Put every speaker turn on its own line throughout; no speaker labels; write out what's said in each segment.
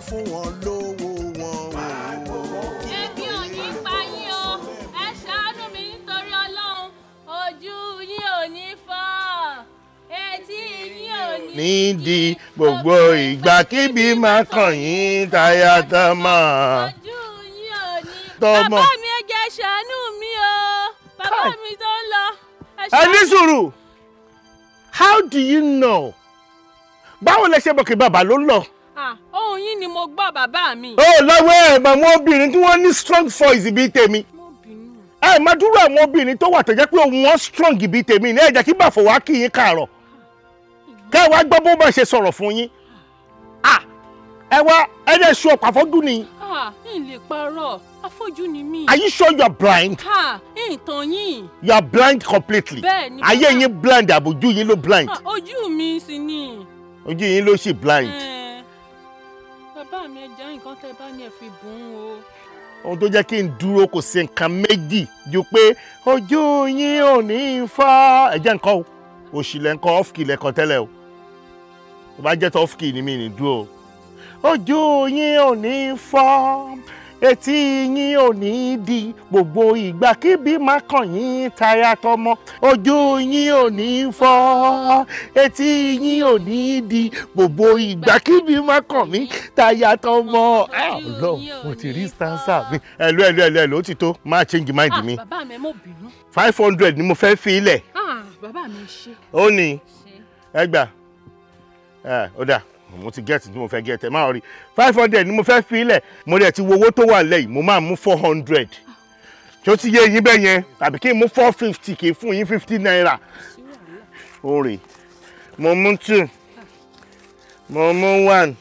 tún fún wọn lówó wọn o. ebi pa yín o
ẹ ṣàánú mi nítorí ọlọ́run ojú yín ò fọ́ etí yín
ò ní. nídìí gbogbo ìgbà kíbi máa kàn yín tayatama. ojú
yín ò bàbá mi ẹ ṣàánú mi o bàbá mi tó ń lọ. ẹ ní sùúrù
how do you know báwo lẹ ṣe mọ̀ kí bàbá ló lọ.
Ah, ohun yín ni mo gbọ́ bàbá mi. ó lọ́wọ́ ẹ̀
mọ̀ àwọn obìnrin tí wọ́n ní strong voice bíi tèmi. ẹ má dúró àwọn obìnrin tó wà tó jẹ́ pé òun wọn strong bíi tèmi ní ẹ jẹ́ kí bàfọ̀ wá kí yín kààrọ̀ kẹ́ wá gbọ́ bó bá ṣe sọ̀rọ̀ fún yín ẹ wá ẹ dẹ̀ ṣu ọ̀pọ̀ àfọ́jú ni.
n lè parọ́ afọ́jú ni mí. are you sure you are blind. ìtàn yín.
you are blind completely. bẹ́ẹ̀ni bàbá ayé yín blind àbójú yín ló blind.
ojú mi sì ni.
ojú yín ló ṣì blind. Eh
bàbá mi ẹ jẹ́ nǹkan tẹ́ bá ní ẹ fi
bùn o. ohun tó jẹ́ kí n dúró kò sí nǹkan méjì ju pé ojú yín ò ní í fa ẹ̀jẹ̀ nǹkan o òṣìlẹ̀ nǹkan ọ́fìkì lẹ́kọ̀ọ́ tẹ́lẹ̀ o tó tó ọ́fìkì ni mí ní dúró ojú yín ò ní í fọ́ etí yín ò ní di gbogbo ìgbà kíbi má kàn yín taya tọmọ ojú yín ò ní fọ́ etí yín ò ní di gbogbo ìgbà kíbi má kàn mí taya tọmọ. Ah, ọlọ mo ti rí stanza mi ẹlò ẹlò ẹlò ẹlò ó ti tó máa change mind ah, mi five hundred ni mo fẹ́ fi ilẹ̀.
Ah, bàbá mi ṣe.
ó ní ẹgbàá ó dáa mo ti gẹ́ẹ̀tì tí mo fẹ́ gẹ́ẹ̀tì ẹ má rí five hundred ni mo fẹ́ fi ilẹ̀ mo dẹ̀ ti wo owó tó wà lẹ́yìn mo máa mú four hundred tí ó ti yé yín bẹ́ẹ̀ yẹn tàbí kí n mú four fifty kì í fún yín fifty naira oore mo mú two mo mú one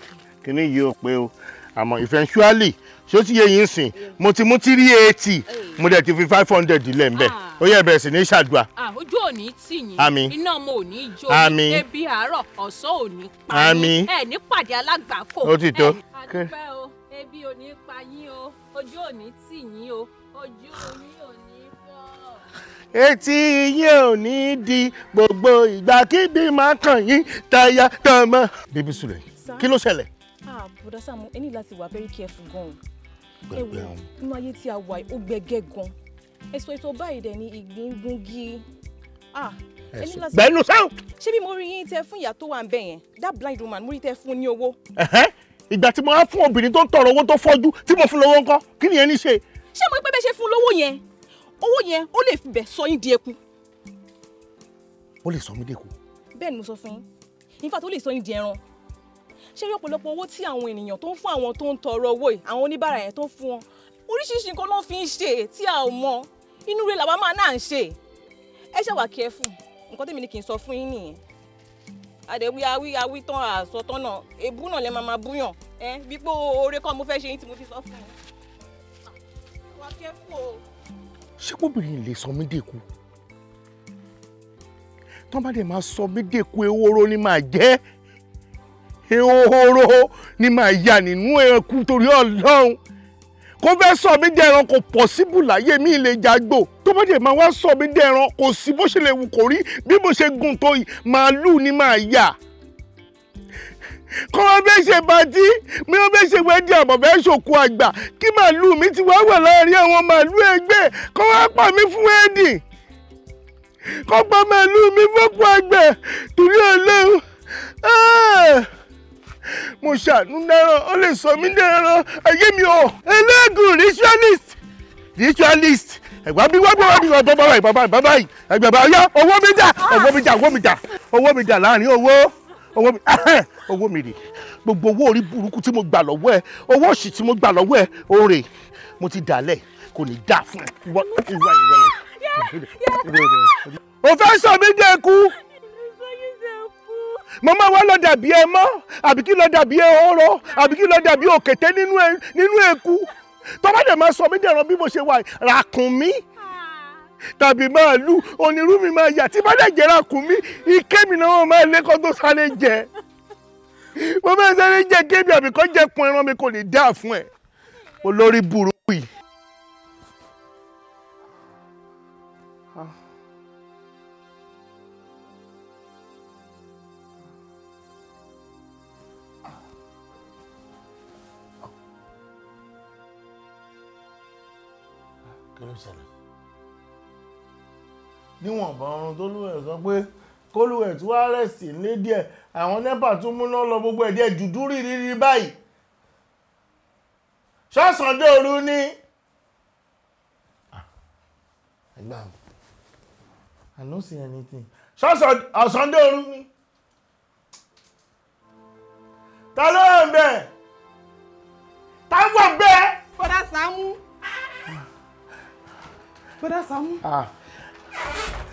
kìíní yìí ó pé o àmọ́ eventually tí ó ti yé yín sìn mo ti mú three eighty mo dẹ̀ ti fi five hundred lẹ́ńbẹ́ẹ́ ó yẹ bẹ̀rẹ̀ sí ní ṣàdúrà.
ojú ò ní tì yín àmín iná ọmọ ò ní jó àmín ebi àárọ̀ ọ̀sán ò ní pa yín àmín ẹ̀ ní pàdé alágbàkó ó ti tó. àdúpẹ́ o ebi ò ní pa yín o ojú ò ní tì yín o ojú yín ò ní
fọ́. etí yín ò ní di gbogbo ìgbà kí bí máa kàn yín táyà tọmọ. bíbí sùlẹ̀ kí ló ṣẹlẹ̀.
ah bùdá Sàámú ẹ ní láti wà very careful gan-an. gbẹgbẹ àwọn. ẹ wo inú ayé tí a wà ó gbẹgẹ gan-an èso èso báyìí dẹ̀ ni ìgbín ah,
gungi gbẹ̀nu sáwọn.
ṣé bí mo rí yín tẹ fún ìyá tó wà ń bẹ̀ yẹn that blind woman mo rí tẹ fún ní owó.
ìgbà tí mo á fún obìnrin tó ń tọrọ owó tó fọ́jú tí mo fún lówó ńkọ́ kí nìyẹn ní ṣe.
ṣé mo pẹ́ bẹ́ẹ̀ ṣe fún lówó yẹn owó yẹn ó lè fi bẹ̀ sọ yín di eku.
ó lè sọ mí dẹ́ku.
bẹ́ẹ̀ ni mo sọ fún yín in fact ó lè sọ yín di ẹran ṣé rí ọ̀pọ̀lọpọ̀ owó tí àwọn ènìyàn tó ń fún àwọn tó ń tọrọ owó yìí àwọn oníbàárà yẹn tó ń fún wọn oríṣiríṣi nǹkan ló fi ń ṣe tí a ò mọ inú rẹ làwa máa náà ń ṣe ẹ ṣàwà kí ẹ fún nǹkan tèmi ni kì í sọ fún yín nìyẹn àdẹ̀wí awí awí tán àsọ tán náà èbú náà lè máa máa búyàn ẹ bí pé oore kan mo fẹ́ ṣe yín tí mo fi sọ fún yín ṣàwà kí ẹ fún o.
ṣé kóbìnrin lè sọ mí dèkú tán bá dẹ̀ máa sọ mí dèkú ehoro ni màá jẹ́ ehoro ni màá yà nínú ẹ̀kú torí ọlọ́run kó fẹ́ sọ mí dẹran kò possible láyé mi lè jágbó tó bá dé máa wá sọ mí dẹran kò sí bó ṣe lè wù kó rí bí mo ṣe gùn tó màálù ni màá yà kọ́ wọn fẹ́ ṣe bàtí mi wọn fẹ́ ṣe wẹ́dí àbọ̀ fẹ́ ṣòkú àgbà kí màálù mi ti wá wà láàrin àwọn màálù ẹgbẹ́ kọ́ wọn pa mí fún wẹ́dì kọ́ pa màálù mi fọ́kù àgbẹ̀ torí ọlọ́run. Ah! mo ṣàánú dẹ́ran ó lè sọ mí dẹ́ran ayé mi o. eléégún ritualist ritualist ẹ̀gbá bí wọ́n gbọ́dọ̀ bí ọ̀dọ́ bàbá ìbàbá ìbàbá yìí ẹ̀gbẹ̀bà ọ̀yá owó mi jà owó mi jà owó mi jà owó mi jà láàrin owó owó mi owó mi rè gbogbo owó orí burúkú tí mo gbà lọ́wọ́ ẹ owó òṣì tí mo gbà lọ́wọ́ ẹ òòrè mo ti dàlẹ̀ kò ní dáa fún ẹ ìwọ ìwọ ìwọ
rẹ.
o fẹ́ sọ mí dé kú màmá wa lọ dàbí ẹ mọ́ àbí kí lọ dàbí ẹ ọ̀rọ̀ àbí kí lọ dàbí òkété nínú eku tọ́ba dẹ̀ máa sọ mí dẹ̀ràn bí mo ṣe wà ràkùn mi tàbí máa lu onírú mi máa yà tí bá dẹ̀ jẹ́ ràkùn mi ike mi náà máa lékọ́ tó sáré jẹ mo máa sáré jẹ kébì àbí jẹ kun ẹran mi kò lè dáa fún ẹ olórí burúkú yìí. níwọ̀nba ọrùn tó lù ẹ̀ sọ pé kólú ẹ̀ tún wá rẹ̀sì lé díẹ̀ àwọn nẹ́pà tún múná lọ gbogbo ẹ̀ díẹ̀ dúdú rírí báyìí ṣọ́sàn dòru ní. Ah, I no see anything ṣọ́sàn ọ̀sán dòru ní. ta ló ń bẹ̀ ta wọ̀ bẹ́ẹ̀. Bọ́dá Sàámú. Ah. Bọ́dá Sàámú. Ah.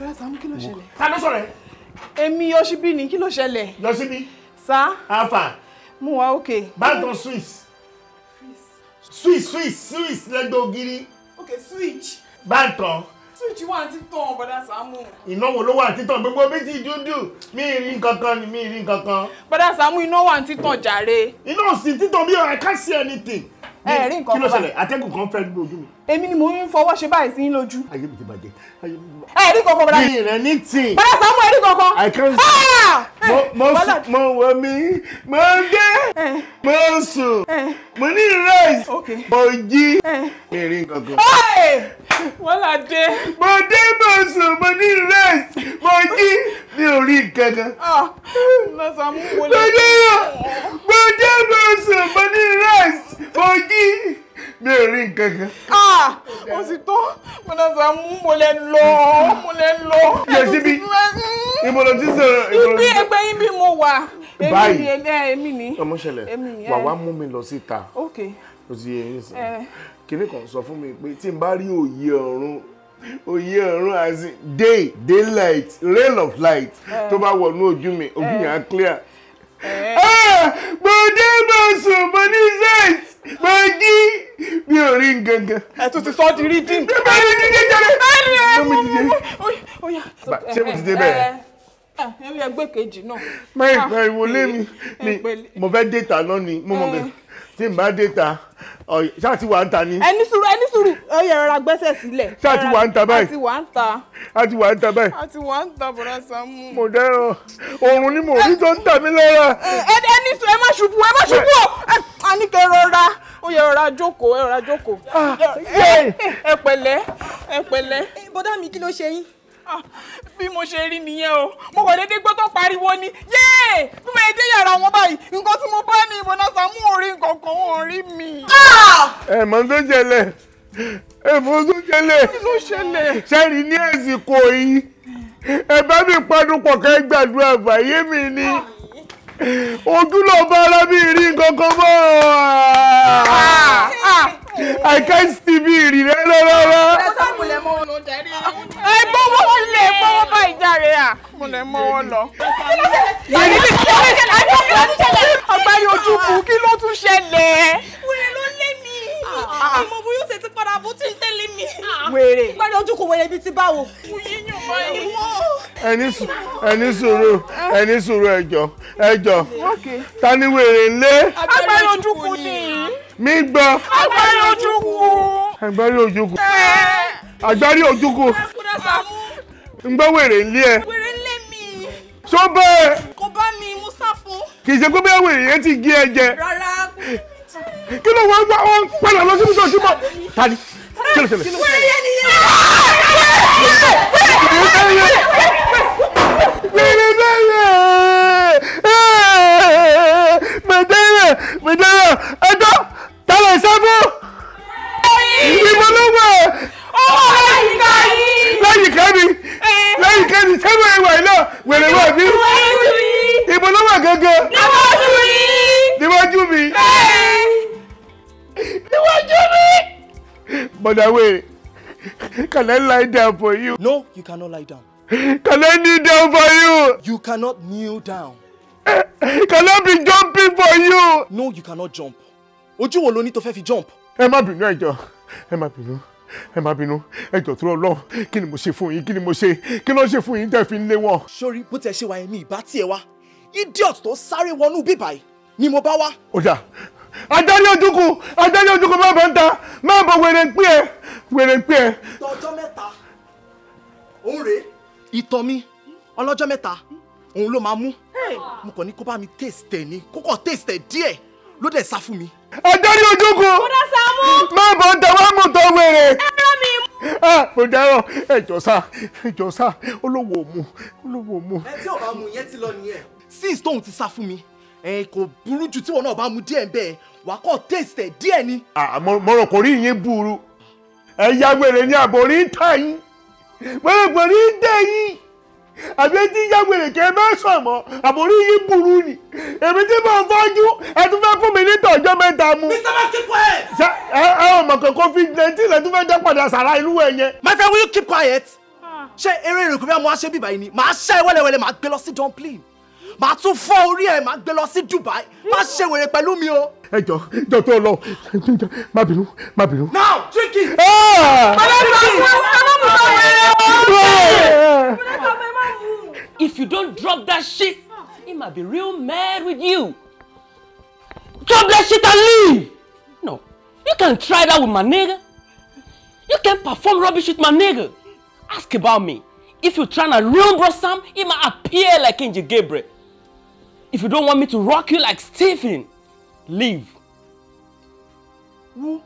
Bẹ́ẹ̀ Sàmú kí ló ṣẹlẹ̀? Ta ló sọ̀rọ̀ ẹ? Èmi Yọ̀ṣibí ni kí ló ṣẹlẹ̀? Yọ̀ṣibí. Sá. Afa. Mo wà òkè. Báńtọ̀ Swiss. Swiss Swiss Swiss lẹ́gbẹ̀ẹ́ ògiri. Ok switch. Báńtọ̀.
Switch wà títàn bọ́dá Sàmú.
Ìnáwó ló wà títàn gbogbo bí ti dúdú. Mi rí nkankan ni mi rí nkankan. Bọ́dá Sàmú iná wà títàn jàre. Iná sì títàn bí I can't see anything. Ẹ rí nkankan. Kí ló ṣẹlẹ̀? Atẹ́gùn kan fẹ́ gbé mi èmi ni mò ń fọwọ́ ṣe báyìí sí lójú. ayé mi ti bàjẹ́ ayé mi ti bàjẹ́. ẹ̀rí kankan bọ̀dá. mi rẹ̀ ní tì. bọ́dá sàmú ẹ̀rí kankan. I can see. Ah! mo sùn mo wọ mi mo dé eh. mo sùn eh. mo ní rice mo jí eh. mi rí kankan. wọ́n là dé. mo dé mo sùn mo ní rice mo jí mi ò rí kankan. Ah! lọ́sàmú wọlé. mo dé mo sùn mo ní rice mo jí mi ò rí nǹkan kan. Ah, ó sì tó mọ̀nàṣà mú mo lè lọ mo lè lọ. yẹ síbi ìmọ̀nà tí sọ̀rọ̀ ìmọ̀nà tí. ibi ẹgbẹ́
yín bí mo wà èmi ni èmi ni.
ọmọ ṣẹlẹ̀ wàwá mú mi lọ síta o ti yẹ yín sìn kíní kan sọ fún mi pé tí n bá rí òye ọ̀run òye ọ̀run as in day daylight rail of light tó bá wọnú ojú mi ojú yẹn á clear. Eh. Ah, mo dé mo sùn mo ní sex mo jí mi ò rí nǹkankan. ẹ tún ti sọ di rí dín. bí bá mi dídé jẹrẹ bí mo
dídé. ṣé mo ti dé eh, bẹ́ẹ̀. Eh, ẹ ẹ gbé kejì náà.
máyì máyì ah. wọlé mi mo fẹ́ dé ta lónìí mo mọ̀ bẹ́ẹ̀ tí n bá dé ta ṣáà ti wà ń ta ni.
ẹni sùúrù ẹni sùúrù ó yẹ rọra gbẹ́sẹ̀ sílẹ̀.
ṣáà ti wà ń ta báyìí. a ti wà ń ta. a ti wà ń ta báyìí. a
ti wà ń ta bọ̀dá Sàámú. mo
dẹ́rọ oorun ni mo rí tó ń tà mí lára. ẹni sùn ẹ má ṣubú ẹ má ṣubú o a ní kẹ́ rọra ó yẹ rọra jókòó ẹ rọra jókòó. Ah, ẹ pẹ̀lẹ́ ẹ pẹ̀lẹ́.
bọ́dá mi kí ló ṣe yín. Ah, bí mo ṣe rí nìyẹn o mo kàn déédéé gbọ́ tó pariwo ni yéè bí mo dé yàrá wọn báyìí nǹkan tí mo bá ní ìbọn náà sàmú orí nǹkan kan ò rí mi.
Ah! ẹ mọ tó jẹlẹ ẹ mọ tó jẹlẹ ṣẹ́ẹ̀rì ní àsìkò yìí ẹ bá mi padùn pọ̀ kẹ́ gbàdúrà bàyé mi ni. Ah ogunlọ́ba arábí rí kankan mọ́ ah, ah. I can't still be rí rẹ rárá. ẹ
gbọ́wọ́ wọlé gbọ́wọ́ bá ìjàre à
mo lè mọ́ ọ lọ.
ọ̀gbẹ́ni Ojúbù kí ló tún ṣẹlẹ̀ ìmọ̀ bóyá ó ṣe ti padà bó ti ń tẹ́lẹ̀ mi. wèrè gbọ́dọ̀ ojú kò wẹ̀rẹ̀ bíi ti báwo. ẹni ẹni sòro ẹni
sòro ẹjọ ẹjọ ta ni wèrè ńlẹ. agbárí
ojú kù ni.
mi gbọ́. agbárí ojú kù. agbárí ojú kù. agbárí ojú kù. ń gbọ́ wèrè ńlẹ ẹ.
wèrè ńlẹ mi.
tó bẹ́ẹ̀.
kò bá mi mú sáfún.
kì í ṣe pé bẹ́ẹ̀ wèrè yẹn ti gé ẹ jẹ.
rárá
kí ló wá wá wọn padà lọ sí bísọ̀ síbọ̀ tani kí ló ṣẹlẹ̀. wẹ́rẹ́ lẹ́yẹ̀ mẹ̀dẹ́yẹ̀ mẹ̀dẹ́yẹ̀ ẹjọ́ tẹ̀lẹ̀ sẹ́fún ìmọ̀lọ́wọ́ lẹ́yìn kẹ́mi lẹ́yìn níwájú mi níwájú mi I wait. can I lie down for you. no you cannot lie down. can I kneel down for you. you cannot kneel down. can I be jumping for you. no you cannot jump ojú wo lo ní tó fẹ́ fi jump. ẹ má bínú ẹ jọ̀ọ́ ẹ má bínú ẹ má bínú ẹ jọ̀ọ́ tó lọ kí ni mo ṣe fún yín kí ni mo ṣe kí ló ṣe fún yín tẹ́ fi ń lé wọn. sori bó tẹ ṣe wáyé mi ìbá tiẹ̀ wá idiot tó sáré wọnú bíbá yìí ni mo bá wá. ó jà adarí ojúkù adarí ojúkù má bọ̀ ń ta má bọ̀ wèrè ń pè é wèrè ń pè é. ìtọ̀ mẹ́ta òǹrè ìtọ̀ mi ọlọ́jọ́ mẹ́ta òun ló máa mú mo kàn ní kó bá mi taste ẹ̀ ní kó taste ẹ̀ díẹ̀ ló dẹ̀ sá fún mi. adarí ojúkù má bọ̀ ń ta wá mú tọ́ wèrè. ẹ̀rọ mi mú mo dáràn ẹjọ sá ẹjọ sá olówó mu olówó mu. ẹ tí ò bá mu yẹn ti lọ nìyẹn. since tóun ti sá fún mi ẹ kò burú ju tí wọn náà bá mu díẹ̀ bẹ́ẹ̀ wàá kọ́ tẹ̀sítẹ̀ díẹ̀ ni. àmọ̀ràn kò rí ìyẹn burú ẹ ya wèrè ní àbò ń tà yín wèrè kò rí ń dẹ̀ yín àbí etí ya wèrè kẹ́ ẹ bá sọ̀ mọ́ àbò orí yín ni èmi tí mo fọ́jú ẹ tún fẹ́ fún mi ní tọ̀jọ́ mẹ́ta mu. mr man keep quiet. ṣe ẹ ẹ ọmọ kan covid nineteen ẹ tún fẹ́ dá padà sàrà ìlú ẹ yẹn. my friend will you keep quiet ah. ṣé eré ìrìnkúrẹ́ mu wá ṣe bíbá yìí ni màá ṣá ẹ wẹ́lẹ́wẹ́lẹ́ màá gbé lọ sí dumpling màá tún fọ́ orí ẹ̀ màá gbé lọ sí Dubai má ṣe wèrè pẹ̀lú mi o. ẹ jọ jọ tó lọ má bínú má bínú. now chiki.
if you don't drop that shit it might be real mad with you drop that shit and leave
no you can try that with my nigga you can perform rubbish with my nigga ask about me if you try to real bro Sam it might appear like Angel Gabriel. If you don't want me to rock you like Stephen, leave. Who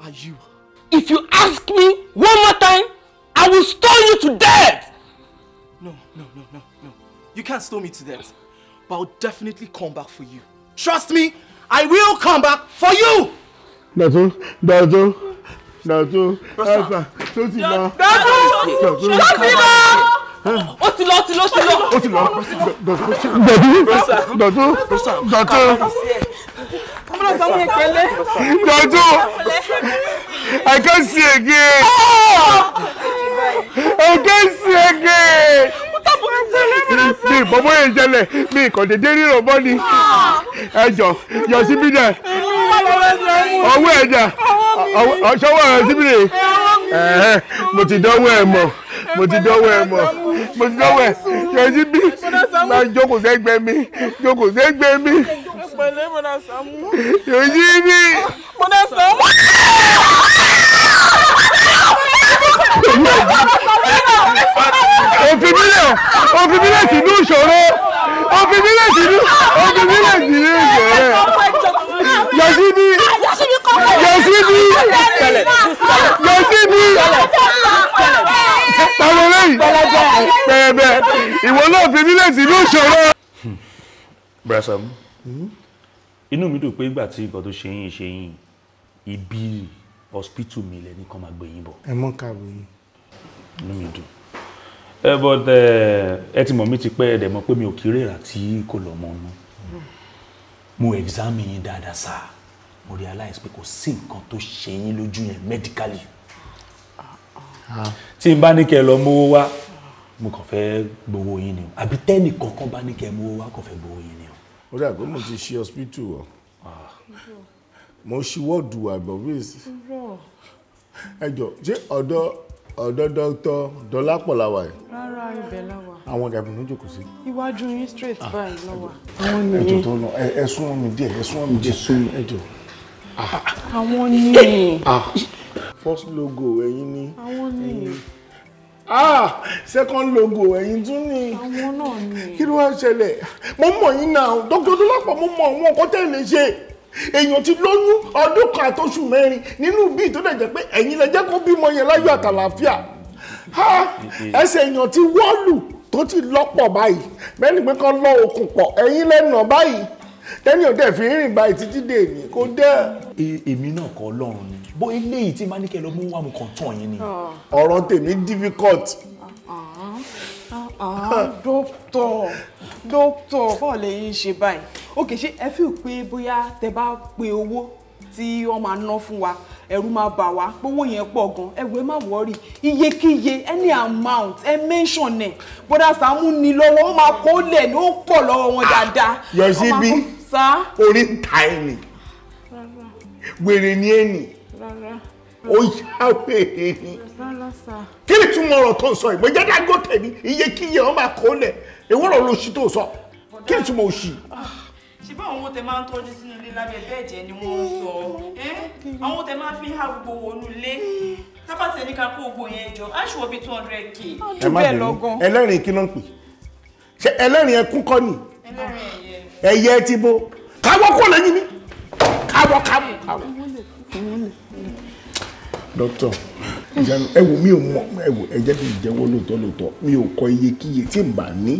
are you? If you ask me one more time, I will stone you to death! No, no, no, no, no. You can't stone me to death. But I'll definitely come back for you. Trust me, I will come back for you! Nato, Nato, Nato, Nato, Nato, Nato, Nato, Nato, Nato, Nato, Nato, Nato, Nato, Nato, ó ti lọ ó ti lọ ó ti lọ. ó ti lọ dọ̀tún dọ̀tún dọ̀tún dọ̀tún.
sọ mi ìpele.
dọ̀tún I can't see again. Oh! I can't see again mi ìbọn bóyá ìṣẹ̀lẹ̀ mi ìkàn dédé rírọ̀ bọ́ ni ẹjọ́ yọ síbí dẹ̀ ọwọ́ ẹ̀dà ọ̀ṣọ́wọ́ ẹ̀ síbí rẹ̀ mo ti dánwó ẹ̀ mọ̀ mo ti dánwó ẹ̀ mọ̀ mo ti dánwó ẹ̀ yọ síbí máa jókòó sẹ́gbẹ́ mi jókòó sẹ́gbẹ́ mi yọ síbí.
mo dá sọ mú
òfìmílẹ̀ òfìmílẹ̀ sínú ìṣòro òfìmílẹ̀ sínú òfìmílẹ̀ sínú ìṣòro yọ̀síbi yọ̀síbi yọ̀síbi pàrọ̀lẹ́yìn pẹ̀ẹ̀bẹ̀ ìwọ náà òfìmílẹ̀ sínú ìṣòro. brasam inú mi dùn pé ìgbà tí nǹkan tó ṣe yín ṣe yín ibi hospital mi lẹ ní kàn máa gbé yín bọ̀. ẹ mọ kàwé ni. inú mi dùn ẹ bọ ẹ ti mọ̀ mi ti pẹ́ ẹ dẹ̀ mọ̀ pé mi ò kéré rà tí kò lọ mọ nú mo exam yín dáadáa sáà mo realize pé kò sí nǹkan tó ṣe yín lójú yẹn medically tí n bá ní kẹ́ lọ mówó wá mo kàn fẹ́ gbowó yín ni o àbí tẹ́nì kankan bá ní kẹ́ mówó wá kàn fẹ́ gbowó yín ni o. ó dàgbé mo ti ṣe hospital o mo ṣíwọ́ọ̀dù àgbọ̀bíìs ẹjọ ṣé ọ̀dọ̀ ọ̀dọ̀ dr dọlápọ̀ la wà yìí. rárá ibẹ̀ la wà. àwọn ìdàgbọ̀n ló jókòó sí. iwájú yín straight ah, báyìí ló wà. àwọn nìyẹn ẹjọ tó lọ ẹsùn mi díẹ̀ ẹsùn mi díẹ̀ sún mi ẹjọ. Ah. àwọn nìyẹn. Ah. first logo ẹ̀yin ni. àwọn nìyẹn. ah second logo ẹ̀yin tún ni. àwọn náà ni. kí ló wá ṣẹlẹ̀ mo mọ̀ yín náà dr dọlápọ̀ mo mọ̀ àwọn nǹkan tẹ́ ẹ lè ṣe èèyàn ti lóyún ọdún kan àtọ́sù mẹ́rin nínú bíi tó dẹ̀ jẹ́ pé ẹ̀yin lẹ jẹ́ kó bímọ yẹn láyọ̀ àtàlàáfíà ẹsẹ̀ èèyàn ti wọ́ọ̀lù tó ti lọ́pọ̀ báyìí bẹ́ẹ̀ni pé kán lọ okùn pọ̀ ẹ̀yin lẹ́nà báyìí tẹ́ni ò dẹ̀ fi rìn báyìí títí dé èmi kò dẹ́. E, èmi náà kọ́ ọlọ́run ni bó eléyìí tí máníkẹ́ lọ mú wàmù kan tàn yín ni. ọ̀rọ̀ tèmi difficult dókítọ̀ ah, ah. dókítọ̀ báwo lè yín ṣe báyìí òkè ṣé ẹ feel pé bóyá tẹ bá pe owó tí wọ́n máa ná fún wa ẹ̀rù máa bà wá pówó yẹn pọ̀ gan ẹ̀wẹ̀ má wọ́ọ̀rì iyekíye any amount ẹ mention ẹ̀ bọ́dà Sàámú ni lọ́wọ́ ó máa kó lẹ̀ ní ó pọ̀ lọ́wọ́ wọn ah, dáadáa. yọ sí bí orí ń ta ẹ nì wèrè ni ẹ nì
ó yá
wèrè ni kí ni túmọ̀ ọ̀rọ̀ tó ń sọ ìgbẹ́jẹ́ Dangote ni iye kíyè wọn máa kó lẹ̀ ìwọ́rọ̀ lóṣù tó sọ kí ni túmọ̀ òṣì.
Ah, ṣùgbọ́n àwọn ohun tẹ máa ń tọ́jú sínú ilé lábẹ́ bẹ́ẹ̀ jẹ́ ni wọ́n sọ àwọn ohun tẹ máa fi há gbogbo wọnú ilé tábàtẹ̀ ní ká kó gbogbo yẹn jọ aṣọ bíi two hundred k. ẹ má bẹ̀rù
ẹlẹ́rìn kí ló ń pè ṣe ẹlẹ́rìn ẹkún kọ́ ni ẹ̀yẹ ti bo káwọ́ kó lẹ́yìn mi káwọ́ káwọ́ káwọ́ dókítà ẹ wò mí ò mọ ẹ wò ẹ jẹ́ kí n jẹ́wọ́ lóòótọ́ lóòótọ́ mi ò kọ iye kíye tí n bá ní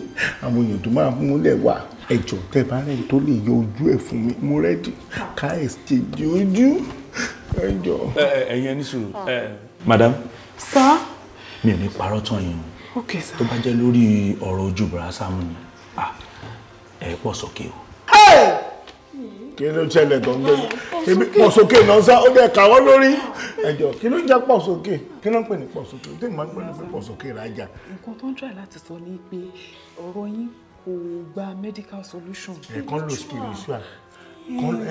àwọn èèyàn tó máa múlẹ̀ wà ẹjọ́ tẹ́ bá rẹ̀ tó lè yọ ojú ẹ̀ fún mi mo rẹ́dì ká exchange ojú ẹjọ́. ẹ̀yin ẹni sùúrù ah. madam. sọ. mi ò ní parọ́ tán yín o tó bá jẹ́ lórí ọ̀rọ̀ ojú bùrọ̀ sáàmù ni ah, ẹ̀ pọ̀ sókè o kí ló ṣẹlẹ̀ tó ń gbé ibi eh, pọ̀sókè náà sá ó dẹ̀ kàwọ́ lórí ẹjọ́ kí ló ń jẹ́ pọ̀sókè kí ló ń pè ní pọ̀sókè tí màá ń pè ní pọ̀sókè rájà. nǹkan tó ń try láti sọ ni pé ọ̀rọ̀ yín kò gba
medical solution. ẹ̀kan lo spiritual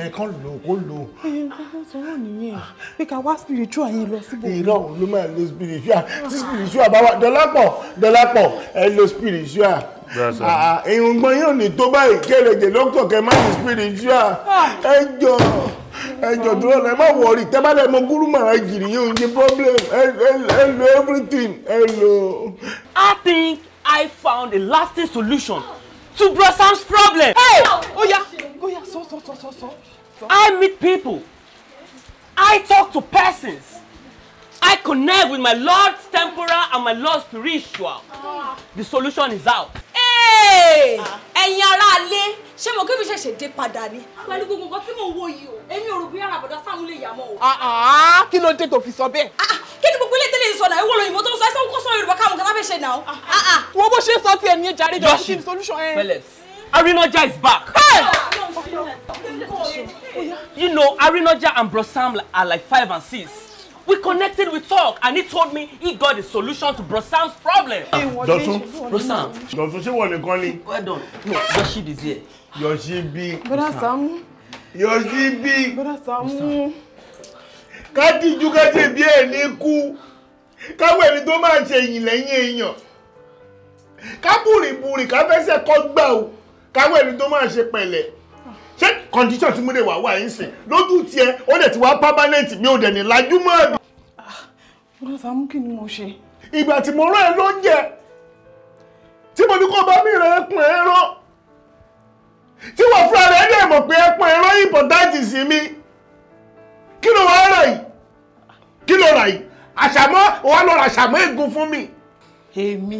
ẹ̀kan eh. lo kó lo. Eh, nǹkan tó sọ̀rọ̀ nìyẹn pé ká wá spiritual yẹn lọ síbò. irọ́ òun ló máa lo spiritual tí spiritual bá wà dọ́lápọ̀ dọ́lápọ̀ ẹ lo spiritual ìrùngbọ̀n ah, ah, yóò ní tó báyìí kéréje lọ́kọ̀ kẹ má ní ah. ẹjọ́ ẹjọ́ dúró lẹ má wọrí tẹ́bálẹ̀ mo gúrú màrá jìrì yóò ní problem hello everything hello. I think I found a lasting solution to Brosam's problem. Hey! Oya!
Oya, sọ sọ sọ sọ sọ.
I meet people. I talk to persons. I connect with my Lord's temporal and my Lord's spiritual. The solution is out ẹ̀yin aráalé
ṣé mo kí mi ṣẹ̀ṣẹ̀ dé padà ni. pẹ̀lú gbogbo nǹkan tí mò ń wo yìí o èmi ò rò bí ara àbọ̀dá sáwọn lè yà mọ́ o. Ah, ah, kí ló dé tó fi sọ bẹ́ẹ̀. Ah, kí ni gbogbo ilé tẹ́lẹ̀ sọ náà ìwọ̀n òyìnbó tó ń sọ ẹ̀sán kó sọ yorùbá káwọn kan láfẹ́ ṣe náà.
wo bó ṣe sọ ti ẹni jàre jọ kí ni solution ẹ. Eh? Arinaja is back. Hey! You know, Arinaja and Brosam are like five and six. We connected, we talked, and he told me he got the solution to Brosam's problem. Dọ̀tun, ah, Brosam. Dọ̀tun, ṣé wọ́n call me? Well done. No, Yoshib is here. Yoshibi. Brother Sam. Yoshibi. Brother Sam. Ká díjú ká ṣe bí ẹ̀ ní kú. Káwọ́ ẹni tó máa ṣe ìyìn lẹ́yìn èèyàn. Ká bùrìbùrì ká fẹsẹ̀ kọ́ gbà o. Káwọ́ ẹni ṣé condition tí múlẹ̀ wà wà yín sìn lójú tiẹ̀ ó dẹ̀ ti wá permanent mi ò dẹ̀ ní lajú mọ́ ẹ̀bí. Ah,
ọ̀dọ̀ Sàámú kí ni mo ṣe.
ìgbà tí mo rán ẹ lóúnjẹ tí mo ní kó bá mi rẹ ẹkùn ẹran tí wọ́n fúnra rẹ̀ dẹ̀ mọ̀ pé ẹkùn ẹran ìbọ̀dájì sí mi kí ló wàá rà yìí kí ló rà yìí àṣàmọ́ wàá lọ ra àṣàmọ́ eegun fún mi. èmi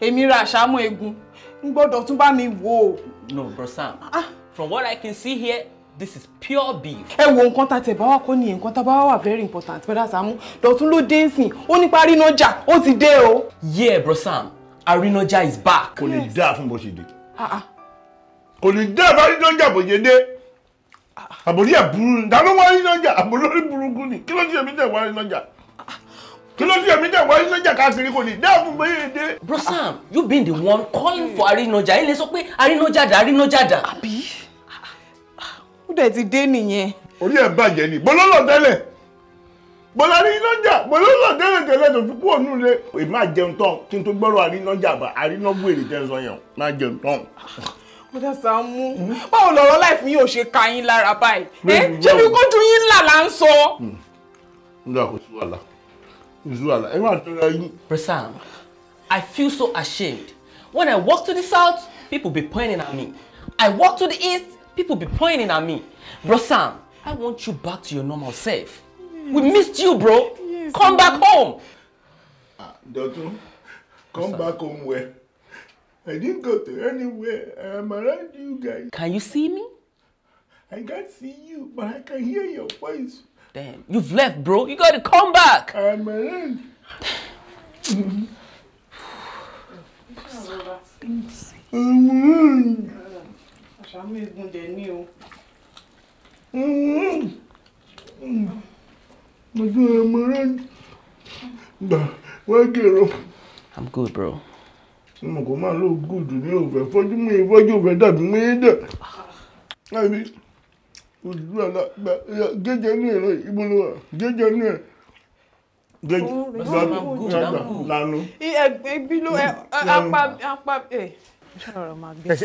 èmi ra àṣàmọ́ eegun n gbọ́dọ̀ tún bá mi
wò ó. no bro
Sam. Ah from what I can see here this is pure beef.
ẹ wo nǹkan tá tẹ̀ bá wà kó ní nǹkan tá bá wà very important brother Sàámú Dọ̀tún ló dé nsìn ó nípa arínájà
ó ti dé o. yeah bro Sam arínájà is back. kò lè dáa fún bó ṣe dé ah, ah. kò lè dáa fún arínájà bó ṣe dé àbòrí ẹ̀ burú ni dáná wá arínájà àbòrí burúkú ni kí ló ṣe mí tẹ̀ wá arínájà kí ló ṣe mí tẹ̀ wá arínájà káàkiri kò lè dáa fún bó ṣe dé. bro Sam you been the one calling for arínájà ẹ lè sọ pé arínájà dà arínájà dà. àbí ó dẹ̀ ti dé nìyẹn. orí ẹ̀ bàjẹ́ ni bọ́lá lọ tẹ́lẹ̀ bọ́lá rí inájà bọ́lá lọ tẹ́lẹ̀ tẹ́lẹ̀ tó fi kú òun lé pé má jẹun tán kí n tó gbọ́rọ̀ àrínájà bá àrínágbèrè tẹ́ sọ yẹn má jẹun tán. Bọ́dá Sàámú, báwo lọ̀rọ̀ láìfù yín ò ṣe ka yín lára báyìí? Ṣé bí kó dun yín ńlá là ń sọ? Nígbà hmm. kò sí wàhálà, kò sí wàhálà, ẹ máa tọ́ra yín. Brisam, I feel so ashamed. When I walk to the south, people be
pointing at me. I walk to the east, People be pointing at me. Bro Sam, I want you
back to your normal self.
Yes. We missed you, bro. Yes, Come back
home. Ah, Doctor, come back home where? I didn't go to anywhere. I am around you guys. Can you see me? I can't see you, but I can hear your voice. Damn, you've left, bro. You gotta come back. I am around. I'm around. ṣàmú egun dẹ̀ ní o. Mm-hmm. ojú ọmọ rẹ gbà wá gèrò. E i'm good bro. mo kò máa lo good ní òfẹ fọjú mi ìfọjú òfẹ dàbí mi dẹ. àbí ojú àlá gẹ́gẹ́ ní ẹ̀rọ ìbúlọ́wà gẹ́gẹ́ ní ẹ̀rọ gẹ́gẹ́ lánàá. ẹbí ló apá apá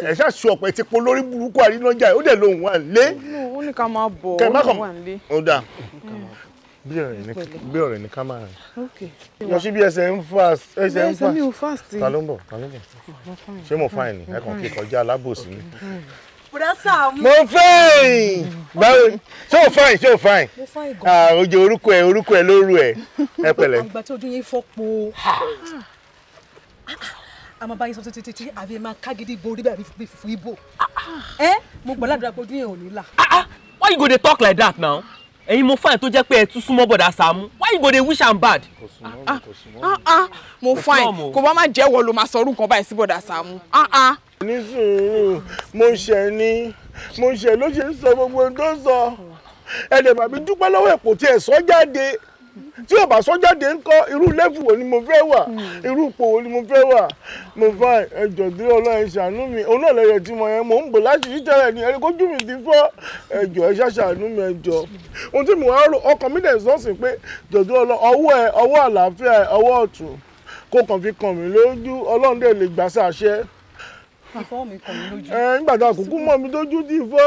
ẹ ṣáà sọ ọ̀pẹ ti po lórí burúkú àrínájà ó dẹ̀ lóhùn wà lé. ó ní ká máa bọ̀ ó ní wà lé. ó dà hmm. bí ọ̀rẹ́ ní ká máa rìn. mo ṣí bí ẹsẹ̀ ń fà ẹsẹ̀ ń fà ta ló ń bọ̀ ta ló ń bọ̀ ṣé mo fà ní ẹ̀kan kí kọjá alábòsí ni. Hmm.
Hmm. mo fẹ́yìn
báwo ṣé o fine ṣé o fine. Ah, ó orúkọ ẹ orúkọ ẹ lóru ẹ ẹ pẹ̀lẹ́. àgbà
tó dín yín fọ́ po a máa bá sọ títí títí àbí ẹ máa ká gidi borí bẹ́ẹ̀ bí fún ibo. ẹ mo gbọ́ ládùúgbò ojú yẹn ò ní là. Ah, ah.
why you go dey talk like that now? ẹ̀yin mo fine tó jẹ́ pé ẹ tún súnmọ́ bọ̀dà Sàámú why you go dey wish am bad.
Ah, mo fine kò bá má jẹ́ wọ máa sọ orúkọ báyìí sí bọ̀dà
Sàámú. ní sùúrù mo ṣẹ̀ ni mo ṣẹ̀ ló ṣe ń sọ gbogbo ohun tó sọ ẹ̀ lè bàbí dúpẹ́ lọ́wọ́ èpò tí ẹ̀ sọ jáde tí ò bá sọ jáde ńkọ́ irú lẹ́fù wo ni mo fẹ́ wà hmm. irú ipò wo ni mo fẹ́ wà mo fa ẹjọ́ tí ọlọ́run ṣàánú mi òun náà lẹ́yọ̀ tí mo yẹn mò ń bò láti rí tẹ́lẹ̀ ní ẹni kójú mi ti fọ́ ẹjọ́ ẹ ṣàṣàánú mi ẹjọ́ ohun tí mo wá rò ọkàn mi dẹ̀ sọ́sìn pé jọ̀dún ọlọ́run ọwọ́ ẹ ọwọ́ àlàáfíà ẹ ọwọ́ ọ̀tún kó kàn fi kàn mí lójú ọlọ́run dẹ̀ lè gbà sáṣẹ́ ẹ nígbà a kúkú mọ́ mi lójú tí ìfọ́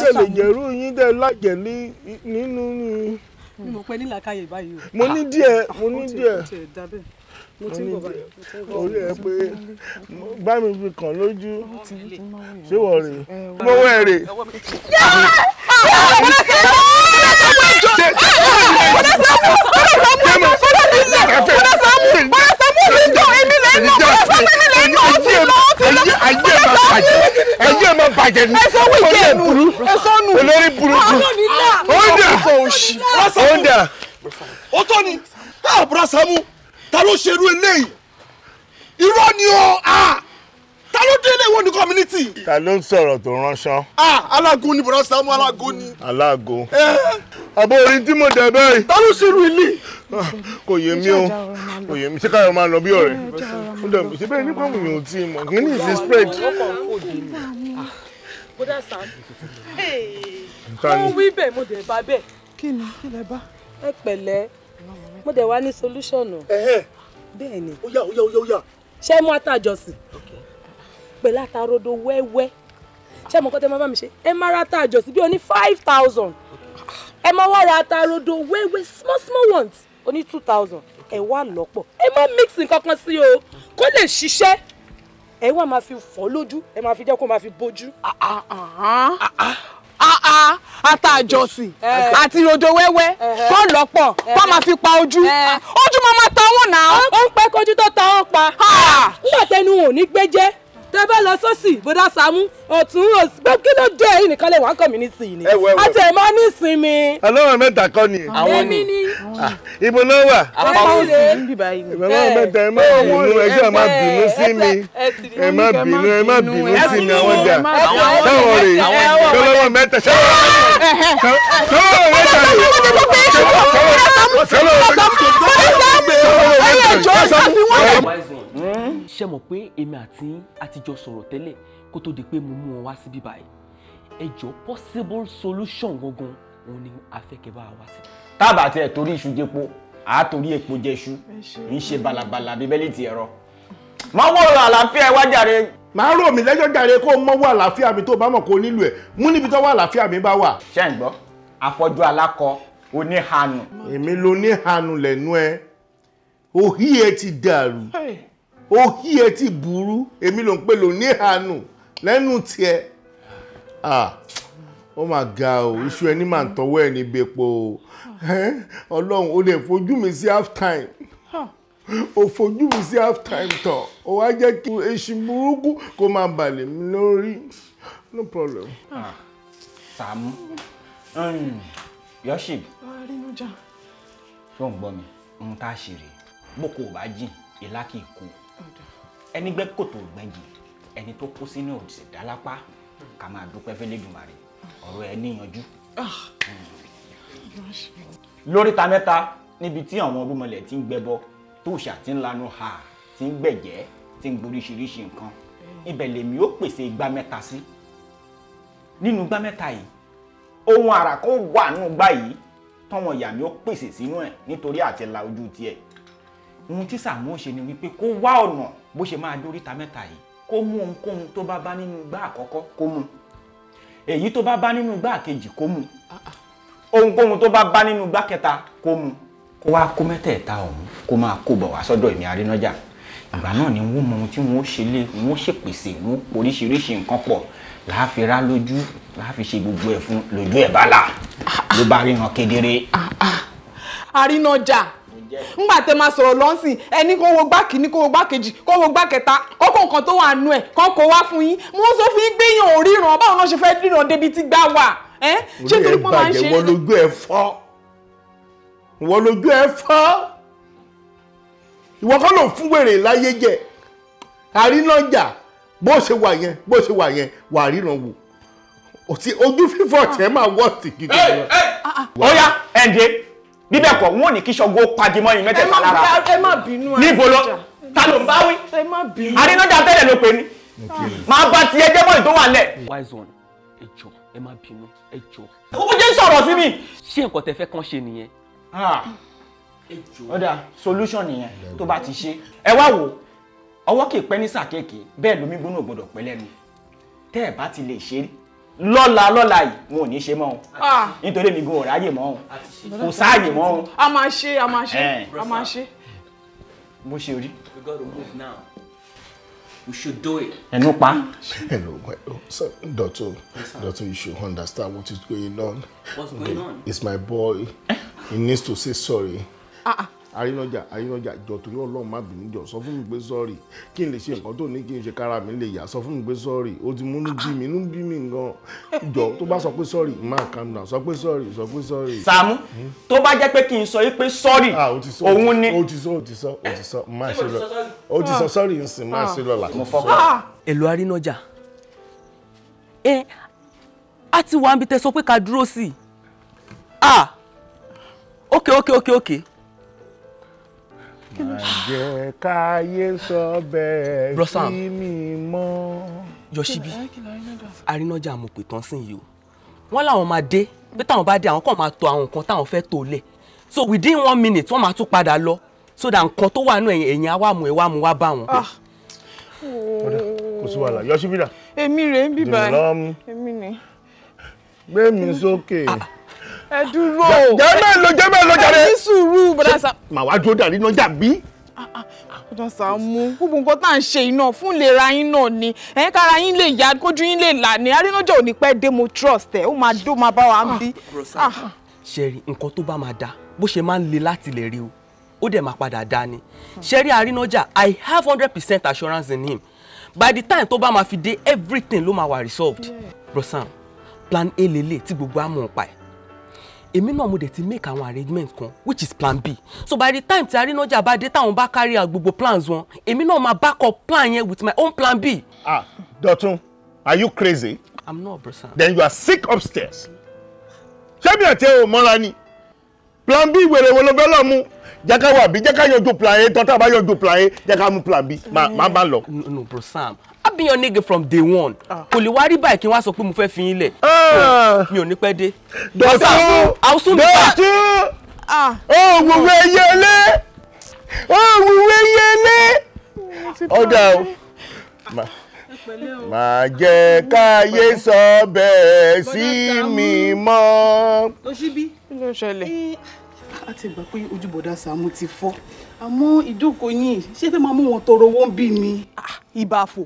tẹ̀lé jẹ̀rú yín tẹ̀ lájẹ̀ nínú ni mi mọ̀ pé
nílàkàyè báyìí o.
mo ní díẹ̀ mo ní díẹ̀ mo ti ń bọ̀ báyìí. orí ẹ pé bá mi fi kàn lójú ṣé wọ́n rè é mo wẹ̀ rè é. ẹyẹ ma bàjẹ́ ni. ó tó ni àbúrò Sàámú ta ló ṣerú eléyìí irọ́ ni o ta ló délé wo ni community. ta ló ń sọ̀rọ̀ tó ránṣán. alágo ni bọ̀dá Sàámú alágo ni. alágo. àbọ̀ orin tí mo dẹ̀ bẹ́ẹ̀. ta ló ṣerú ilé. kò yé mi o kò yé mi ṣé káyọ̀ máa lọ bí ọ̀rẹ́ mo dẹ̀ bí síbẹ̀ nípa mi ò tí mọ̀ kí ni ìfi spread. bọ̀dá Sàámú ó wí bẹ́ẹ̀
mo dẹ̀ bá bẹ́ẹ̀. kí ni kí lẹ bá ẹ pẹ̀lẹ́ mo dẹ̀ wá ní solúṣọ̀nù. bẹ́ẹ̀ ni ó yá ó yá ó yá ó yá. ṣé mú àtàjọsìn pẹ̀lú àtàrodo wẹ́wẹ́ ṣé mo kọ́ tẹ́ máa bá mi ṣe ẹ má ra àtàjọsìn bí o ní five thousand ẹ má wá ra àtàrodo wẹ́wẹ́ small small ones o ní two thousand ẹ wá lọ́pọ̀ ẹ má mix nǹkan kan sí o kó lè ṣiṣẹ́ ẹ wá máa fi fọ́ lójú ẹ máa fi jẹ́ kó máa fi bójú. Ah, ah, ah ata àjọsìn eh. àti rodo wẹ́wẹ́ tó eh. lọ́pọ̀ tó eh. máa fi pa ojú ojú máa máa ta wọn náà. ó ń pẹ́ kójú tó ta wọn pa nígbà tẹnu ò gbẹ́jẹ́ tẹ bá lọ sọ́sì bódà Sàámú ọ̀tún òsì pé kí ló dé ẹ̀yin nìkan lè wá community ni àti ẹ̀ máa ní
ìsinmi. ọlọ́run mẹ́ta kọ́ ni àwọn ni ibo ló wà. àpapọ̀ sí i níbi báyìí.
ìbẹ̀rẹ̀ mẹ́ta
ẹ má bínú ẹ jẹ́ má bínú sí mi ẹ má bínú ẹ má bínú sí mi àwọn ọjà táwọn rèé tọ́lọ́wọ́ mẹ́ta ṣáwọn mẹ́ta rèé. mọ̀ pé èmi àti àtijọ́ sọ̀rọ̀ tẹ́lẹ̀ kó tó di pé mo mú wọn wá síbí báyìí ẹ jọ possible solution gangan òun ni afẹ́kẹ́ bá wá sí. tábà tí ẹ torí iṣu jẹpo àá epo jẹṣu ń ṣe balabala bíbélì ti ẹ̀rọ máa wọ àlàáfíà ẹ wá jàre. máa rò mí lẹ́jọ́ jàre kó o mọ́wọ́ àlàáfíà mi tó bá mọ̀ kó o nílò ẹ̀ mú níbi tó wà àlàáfíà mi bá wà. ṣé ń gbọ́ afọ́jú alákọ oníhanu. èmi lo níhanu lẹ́nu ẹ òhí ẹ ti dàrú ó kí ẹ ti burú èmi ló ń pè lò ní àánú lẹ́nu tiẹ̀ ó mà ga o iṣu ẹni máa ń tọwọ́ ẹ níbi epo ọlọ́run ó lè fojú mi sí half time ó fojú mi sí half time tọ̀ ó wá jẹ́ kí èsì burúkú kó máa balẹ̀ mi lórí no problem. Sàámú yọ́ṣìb tó ń gbọ́ mi ohun tá a ṣe rèé bó kò bá jìn ìlà kì í kú ẹni gbẹ́ kòtò gbẹ́gi ẹni tó kó sínú òdìsẹ̀ dálápá ká máa dúpẹ́ fẹ́lẹ́dùmarè ọ̀rọ̀ ẹ níyanjú. Ah. lóríta mẹ́ta níbi tí àwọn ọdúnmọlẹ̀ ti ń gbẹ́bọ tó ṣà ti ń lanu ha ti ń gbẹ̀jẹ́ ti ń gboríṣiríṣi nǹkan ibẹ̀ lèmi ó pèsè igbá mẹ́ta sí nínú igbá mẹ́ta yìí ohun àrà kan wà nínú igbá yìí tọ́wọn ìyá mi ó pèsè sínú ẹ̀ nítorí àti la ojú tiẹ̀ ohun tí Sàámú ṣe ni wípé kó wá ọ̀nà bó ṣe máa dóríta mẹ́ta yìí kó mú ohunkóhun tó bá bá nínú igbá àkọ́kọ́ kó mú èyí tó bá bá nínú igbá àkejì kó mú ohunkóhun tó bá bá nínú igbá kẹta kó mú kó wá kó mẹ́tẹ̀ẹ̀ta ọ̀hún kó máa kó bọ̀ wá sọ́dọ̀ èmi arínájà ìgbà náà ni wọ́n mọ ohun tí wọ́n ṣe lé wọ́n ṣèpèsè wọ́n oríṣiríṣi nǹkan pọ̀ láàfin rá lójú láàfin ṣe gbogbo ẹ̀ fún lójú ẹ̀ bá là ló bá ríran kedere. àrínájà. Ah, ah ńgbà tẹ máa sọ̀rọ̀
lọ́nsìn ẹni kó wo gbákì ní kó wo gbákejì kó wo gbákẹta kókó nǹkan tó wà nú ẹ̀ kó kó wá fún yín
mo sọ fún yín gbéyàn òríran báwo náà ṣe fẹ́ ríran débi tí gbá wà ṣé torí pé máa ń ṣe é. wọ́n lójú ẹ̀ fọ́ wọ́n lójú ẹ̀ fọ́ ìwọ kọ́ ló fún wèrè láyé jẹ àrínájà bó ṣe wà yẹn bó ṣe wà yẹn wà ríran wò ojú fífọ̀ tẹ́ máa wọ́ọ̀tì gidi lọ. ọ̀ya ẹ̀ǹdẹ́ bíbẹ̀ kọ̀ wọ́n ní kí ṣọgbó pagimọ́ yìí mẹ́tẹ̀ẹ̀ta lára ẹ má bínú níbo lọ ta ló ń bá wí àrínájà tẹ́lẹ̀ ló pe ni máa bá ti ẹjẹ́ bọ́ọ̀lù tó wà lẹ̀. wise one ẹ jọ ẹ má bínú ẹ jọ. ó jẹ́ sọ̀rọ̀ sí mi. ṣé nǹkan tẹ fẹ́ kàn ṣe nìyẹn. ọ̀dà solution nìyẹn tó bá ti ṣe. ẹ wá wo ọwọ́ kì í pẹ́ ní sàkéèké bẹ́ẹ̀ lómi gbóná ò pẹ́ lẹ́nu tẹ́ ẹ bá ti lè ṣe é lọ́la lọ́la yìí wọn ò ní ṣe mọ́ o nítorí mi gan ọ̀ráyè mọ́ o
kò sáàyè mọ́ o. a máa ṣe a máa ṣe a máa
ṣe. bó ṣe rí. we gotta move now we should do it. ẹnu pa. hello my Doctor, Doctor, you should understand what is going on. what's going on. it's my boy eh? he needs to say sorry. Ah, ah àrínájà àrínájà jọ torí ọlọ́run má bínú jọ sọ fún mi pé sọ́ọ̀rì kí n lè ṣe nǹkan tó ní kí n ṣe kára mi lè yà sọ fún mi pé sọ́ọ̀rì o ti múnú bí mi inú bí mi gan jọ tó bá sọ pé sọ́ọ̀rì máa kàn náà sọ pé sọ́ọ̀rì sọ pé sọ́ọ̀rì. Sàámú tó bá jẹ́ pé kí n sọ yí pé ah, sọ́ọ̀rì òun ni. o ti sọ o ti sọ o ti sọ má ṣe lọ o ti sọ ah. sọ́ọ̀rì ń sìn má ah. ṣe lọ́la. èlò àrínájà
ẹ á ti wà níbi tẹ sọ pé ká dúró sí i
ah okay okay okay okay jẹ́ káyé sọ bẹ́ẹ̀ sí mi mọ́. yọ̀ṣíbí arínájà mo pè tán sí yìí o wọ́n láwọn máa dé pé táwọn bá dé àwọn kàn máa tò àwọn nǹkan táwọn fẹ́ tò lẹ̀ so within one minute wọ́n máa tún padà lọ so that nǹkan tó wà nù ẹ̀yìn ẹ̀yìn á wà mú ẹ̀ wá mú wá bá wọn. Ah. kò sí wàhálà yọ̀ṣíbí dà. èmi rè é bíbá èmi ni. gbé mi sókè. Ah. ah
ẹ dúró. jẹ́ mẹ́ lo jẹ́ mẹ́ lo jàre. ẹ ní
sùúrù bọ́dà sá. màá wá dúró dàrí náà jàbí. Ah, ah,
ah, bọ́dà sá mú gbogbo nǹkan tá à ń ṣe iná fún ìlera yín náà ni ẹ̀yin kára yín lè yá kójú yín lè là ní arínájà ò ní pẹ́ dé mo trust ẹ̀ ó máa dó máa bá wa ń bí.
ṣẹ́rí nǹkan tó bá máa da bó ṣe máa ń le láti lè rí o ó dẹ̀ máa padà da ni ṣẹ́rí arínájà I have hundred percent assurance in him by the time tó bá máa fi dé everything ló máa wà resolved. Yeah. Bro Sam plan A lele tí gbogbo àmọ̀ pa ẹ̀ èmi náà mo dẹ̀ ti make àwọn arrangement kan which is plan b so by the time tí arínájà bá dé táwọn bá carry out gbogbo plans wọn èmi náà máa back up plan yẹn with my own plan b. ah Dọ̀tun are you crazy. i'm not bro sir. then you are sick upstairs. ṣé mi àti ẹ ò mọ́ra ni plan b wèrè wo ló fẹ́ lọ mú jẹ́ ká wà bí jẹ́ ká plan a tọ́ta bá yanjú plan a jẹ́ ká mú plan b máa bá lọ. no bro Sam I've been your nigga from day one. Ah. Kò lè wá rí báyìí kí n wá sọ pé mo fẹ́ fi yín lẹ̀. Ah. Mi ò ní pẹ́ dé. Dọ̀tú! Àwùsùn mi bá. Dọ̀tú! Òwúwe yẹlé! Òwúwe yẹlé! Ọ̀dà o. Màá jẹ́ káyé sọ bẹ́ẹ̀ sí mi mọ́. Eh, a ti gbà pé ojúbọ̀dá Sàámú ti fọ́ àmọ́
ìjókòó yìí ṣé fẹ́ máa mú wọn tọrọ owó bí ni. Ah ìbàfò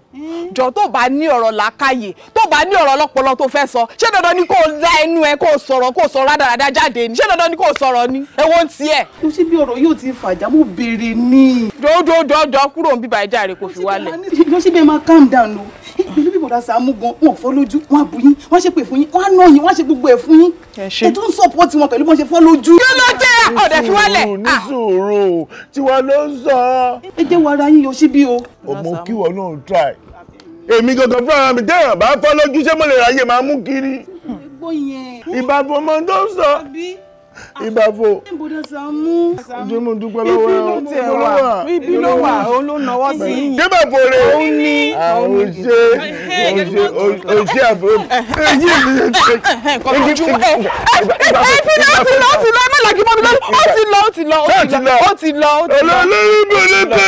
jọ tó bá ní ọ̀rọ̀ làákàyè tó bá ní ọ̀rọ̀ ọlọ́pọlọ tó fẹ́ sọ ṣé dandan ni kó o la ẹnu ẹ kó o sọ̀rọ̀ kó o sọ̀rọ̀ rádaràda jáde ni ṣé dandan ni kó o sọ̀rọ̀ ni ẹ̀wọ̀n ń tiẹ̀. mo ṣe bí ọ̀rọ̀ yóò ti fàjà mo béèrè ni.
jọjọjọjọ kúrò ń bíbá ẹja rẹ kò fi wálẹ̀.
lọ sí bẹ́ẹ̀ máa calm down o ìpinnu bí bọ̀dá
Sàámú gan wọn fọ́ lójú wọn àbú yín wọn ṣe pè fún yín wọn àná yín wọn ṣe gbogbo ẹ̀ fún yín ètò ń support wọn pẹ̀lú bọ́n ṣe fọ́ lójú. kí ló dé ọ̀dẹ̀ fi wálẹ̀. ní ah. sùúrù tiwa ló ń sọ. ẹ jẹ́ wàrà yín yọ síbí o. òmò kí wọ́n náà try èmi gangan fúnra mi téèyàn bá fọ́ lójú ṣé mo lè ráyè máa mú kiri ìbàfọ̀ mọ́ tó ń sọ ìbàfọ̀ ojú mo dúpẹ́ lọ́wọ́ ẹ̀ ọ́ ibi ló wà ibi ló wà òun ló nọwọ́ sí i débàfọ̀ rẹ̀ òun ní àwọn òṣè òṣè òṣè àbúrò èyí mi lè ṣe ẹ fi lọ ti lọ ti lọ ẹ má lọ kí mọ́ mi lọ ó ti lọ ó ti lọ ó ti lọ ó ti lọ olórí mi ò lè pé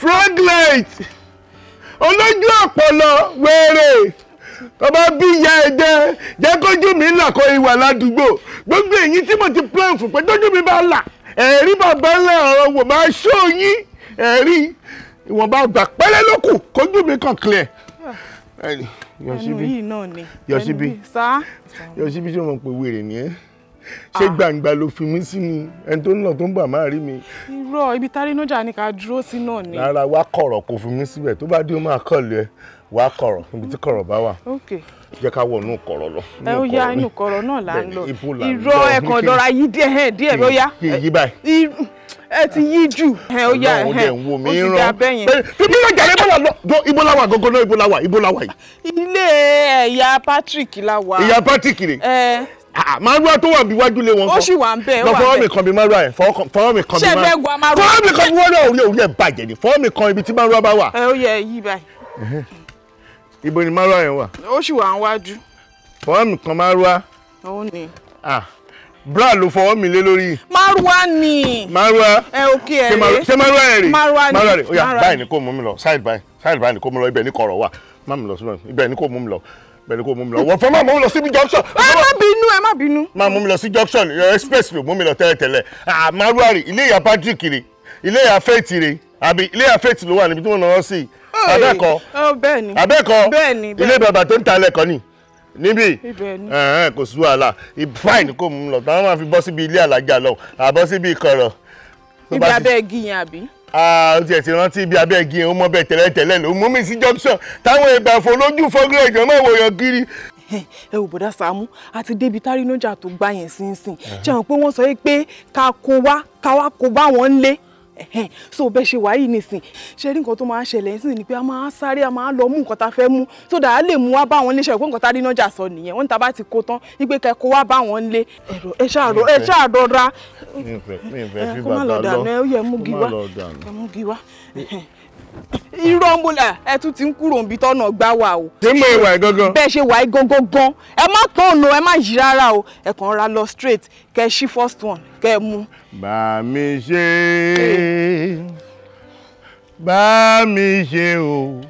frog light olójú ọpọlọ wẹ́rẹ́ ọba bí ìyá ẹ jẹ jẹ kójú mi là kọ ìwà ládùúgbò gbogbo èyí tí mo ti plan fún pé tójú mi bá là ẹ̀rí bàbá ńlá ọ̀rọ̀ wò máa ṣó yín ẹ̀rí ìwọ̀nba àgbà pẹ́lẹ́ ló kù kójú mi kàn clear yọ̀síbí yọ̀síbí yọ̀síbí tí mo mọ̀ pé wèrè nìyẹn ṣé gbangba ló fi mí sí ni ẹni tó ń lọ tó ń bà máa rí mi. irọ́ ibi tá a rí nájà ni ká dúró sí náà ni. rárá wá kọ̀rọ̀ kò fi mí síbẹ̀ tó bá dé ó máa kọ̀lẹ̀ ẹ wá kọ̀rọ̀ ibi tí kọ̀rọ̀ bá wà. jẹ́ ká wọ inú kọ̀rọ̀ lọ. ẹ ó ya inú kọ̀rọ̀ náà là ń lọ irọ́ ẹ̀kan lọ́ra yí díẹ̀ díẹ̀ ló yá. kì í yí báyìí ẹ ti yí jù. ẹ o ya ẹ ẹ o ti da bẹ́yẹn. fífi náà jàre bá wà lọ ibo la wà gangan náà ibo la wà ibo la wà yìí. ilé ẹ̀yà Patrick la wà. ìyá Patrick rè. ẹ Ah, màrúwá tó wà bí wájú lé wọn kọ ó sì wà ń bẹ ó wà bẹ fọwọ́ mi kan bí màrúwá yẹn fọwọ́ mi kan bí màrúwá ṣe bẹ́ẹ̀ gba màrúwá fọwọ́ mi kan bí màrúwá orí orí ẹ̀ bàjẹ́ ni fọwọ́ mi kan ibi tí màrúwá bá wà.
ẹ ó yẹ yí
báyìí. ibo ni màrúwá yẹn wà. ó sì wà ń wájú. fọwọ́ mi kan màrúwá. ó ní. ah bra ló fọwọ́ mi lé lórí. márùwá ni. Marua. ẹ òkè ẹ rè ṣé Marua. ẹ rè. márùwá ni márùwá rè báyìí ni kò mú mi lọ side báyìí side báyìí ni kò mú mi lọ ibẹ̀ ni kọ̀rọ̀ wà má mi pẹ̀lú kó mú mi lọ wọ́n fẹ́ máa mú mi lọ sí junction. ẹ má bínú ẹ má bínú. máa mú mi lọ sí junction express ló mú mi lọ tẹ́lẹ̀tẹ́lẹ̀ àmárùárì ilé ìyá patrick rè ilé ìyá faith rè àbí ilé ìyá faith ló wà níbi tí mo náà sí abẹ́kọ̀ abẹ́kọ̀ oh, ilé bàbá tó ń ta lẹ́kọ̀ọ́ ni níbí kò sí wàhálà fine kò mú mi lọ táwọn máa fi bọ́ síbi ilé àlájà lọ àbọ̀ síbi ìkọ̀rọ̀. ibi abẹ́ igi àbí. Ah, ó tiẹ̀ ti rántí bí abẹ́ igi mọ bẹ́ẹ̀ tẹ́lẹ̀tẹ́lẹ̀ ló mú mi sí junction táwọn ìbàfọ̀ lójú fọ́gílẹ̀ ìjọ máa wòyàn kiri.
ẹ ò bọ̀dá Sàámú àti débi tárínájà tó gbá yẹn sínsìn ṣé pé wọ́n sọ pé ká kó wá ká wá kó bá wọn lé so bẹ́ẹ̀ ṣe wáyé nìsín ṣe rí nǹkan tó máa ń ṣẹlẹ̀ sí ni pé a máa sáré a máa lọ mú nǹkan tá a fẹ́ mú so dà á lè mú wá bá wọn léṣe pé nǹkan tá a rí nájà sọ nìyẹn wọn ní ta bá ti kó tán wípé kẹ kó wá bá wọn lé
ẹ ṣàrọ ẹ ṣàrọ ra kó má lọ dànù ẹ ó yẹ mú
gí wá irọ́ mo là ẹ tún ti ń kúrò níbi tọ́nà gbá wa o. ṣé mo ìwà ìgangan. bẹ́ẹ̀ ṣe wà ìgangan gan ẹ má tán ọ̀nà ẹ má yí rárá o ẹ kàn ra lọ
straight kẹ ṣí first one kẹ mú. bá mi ṣe bá mi ṣe o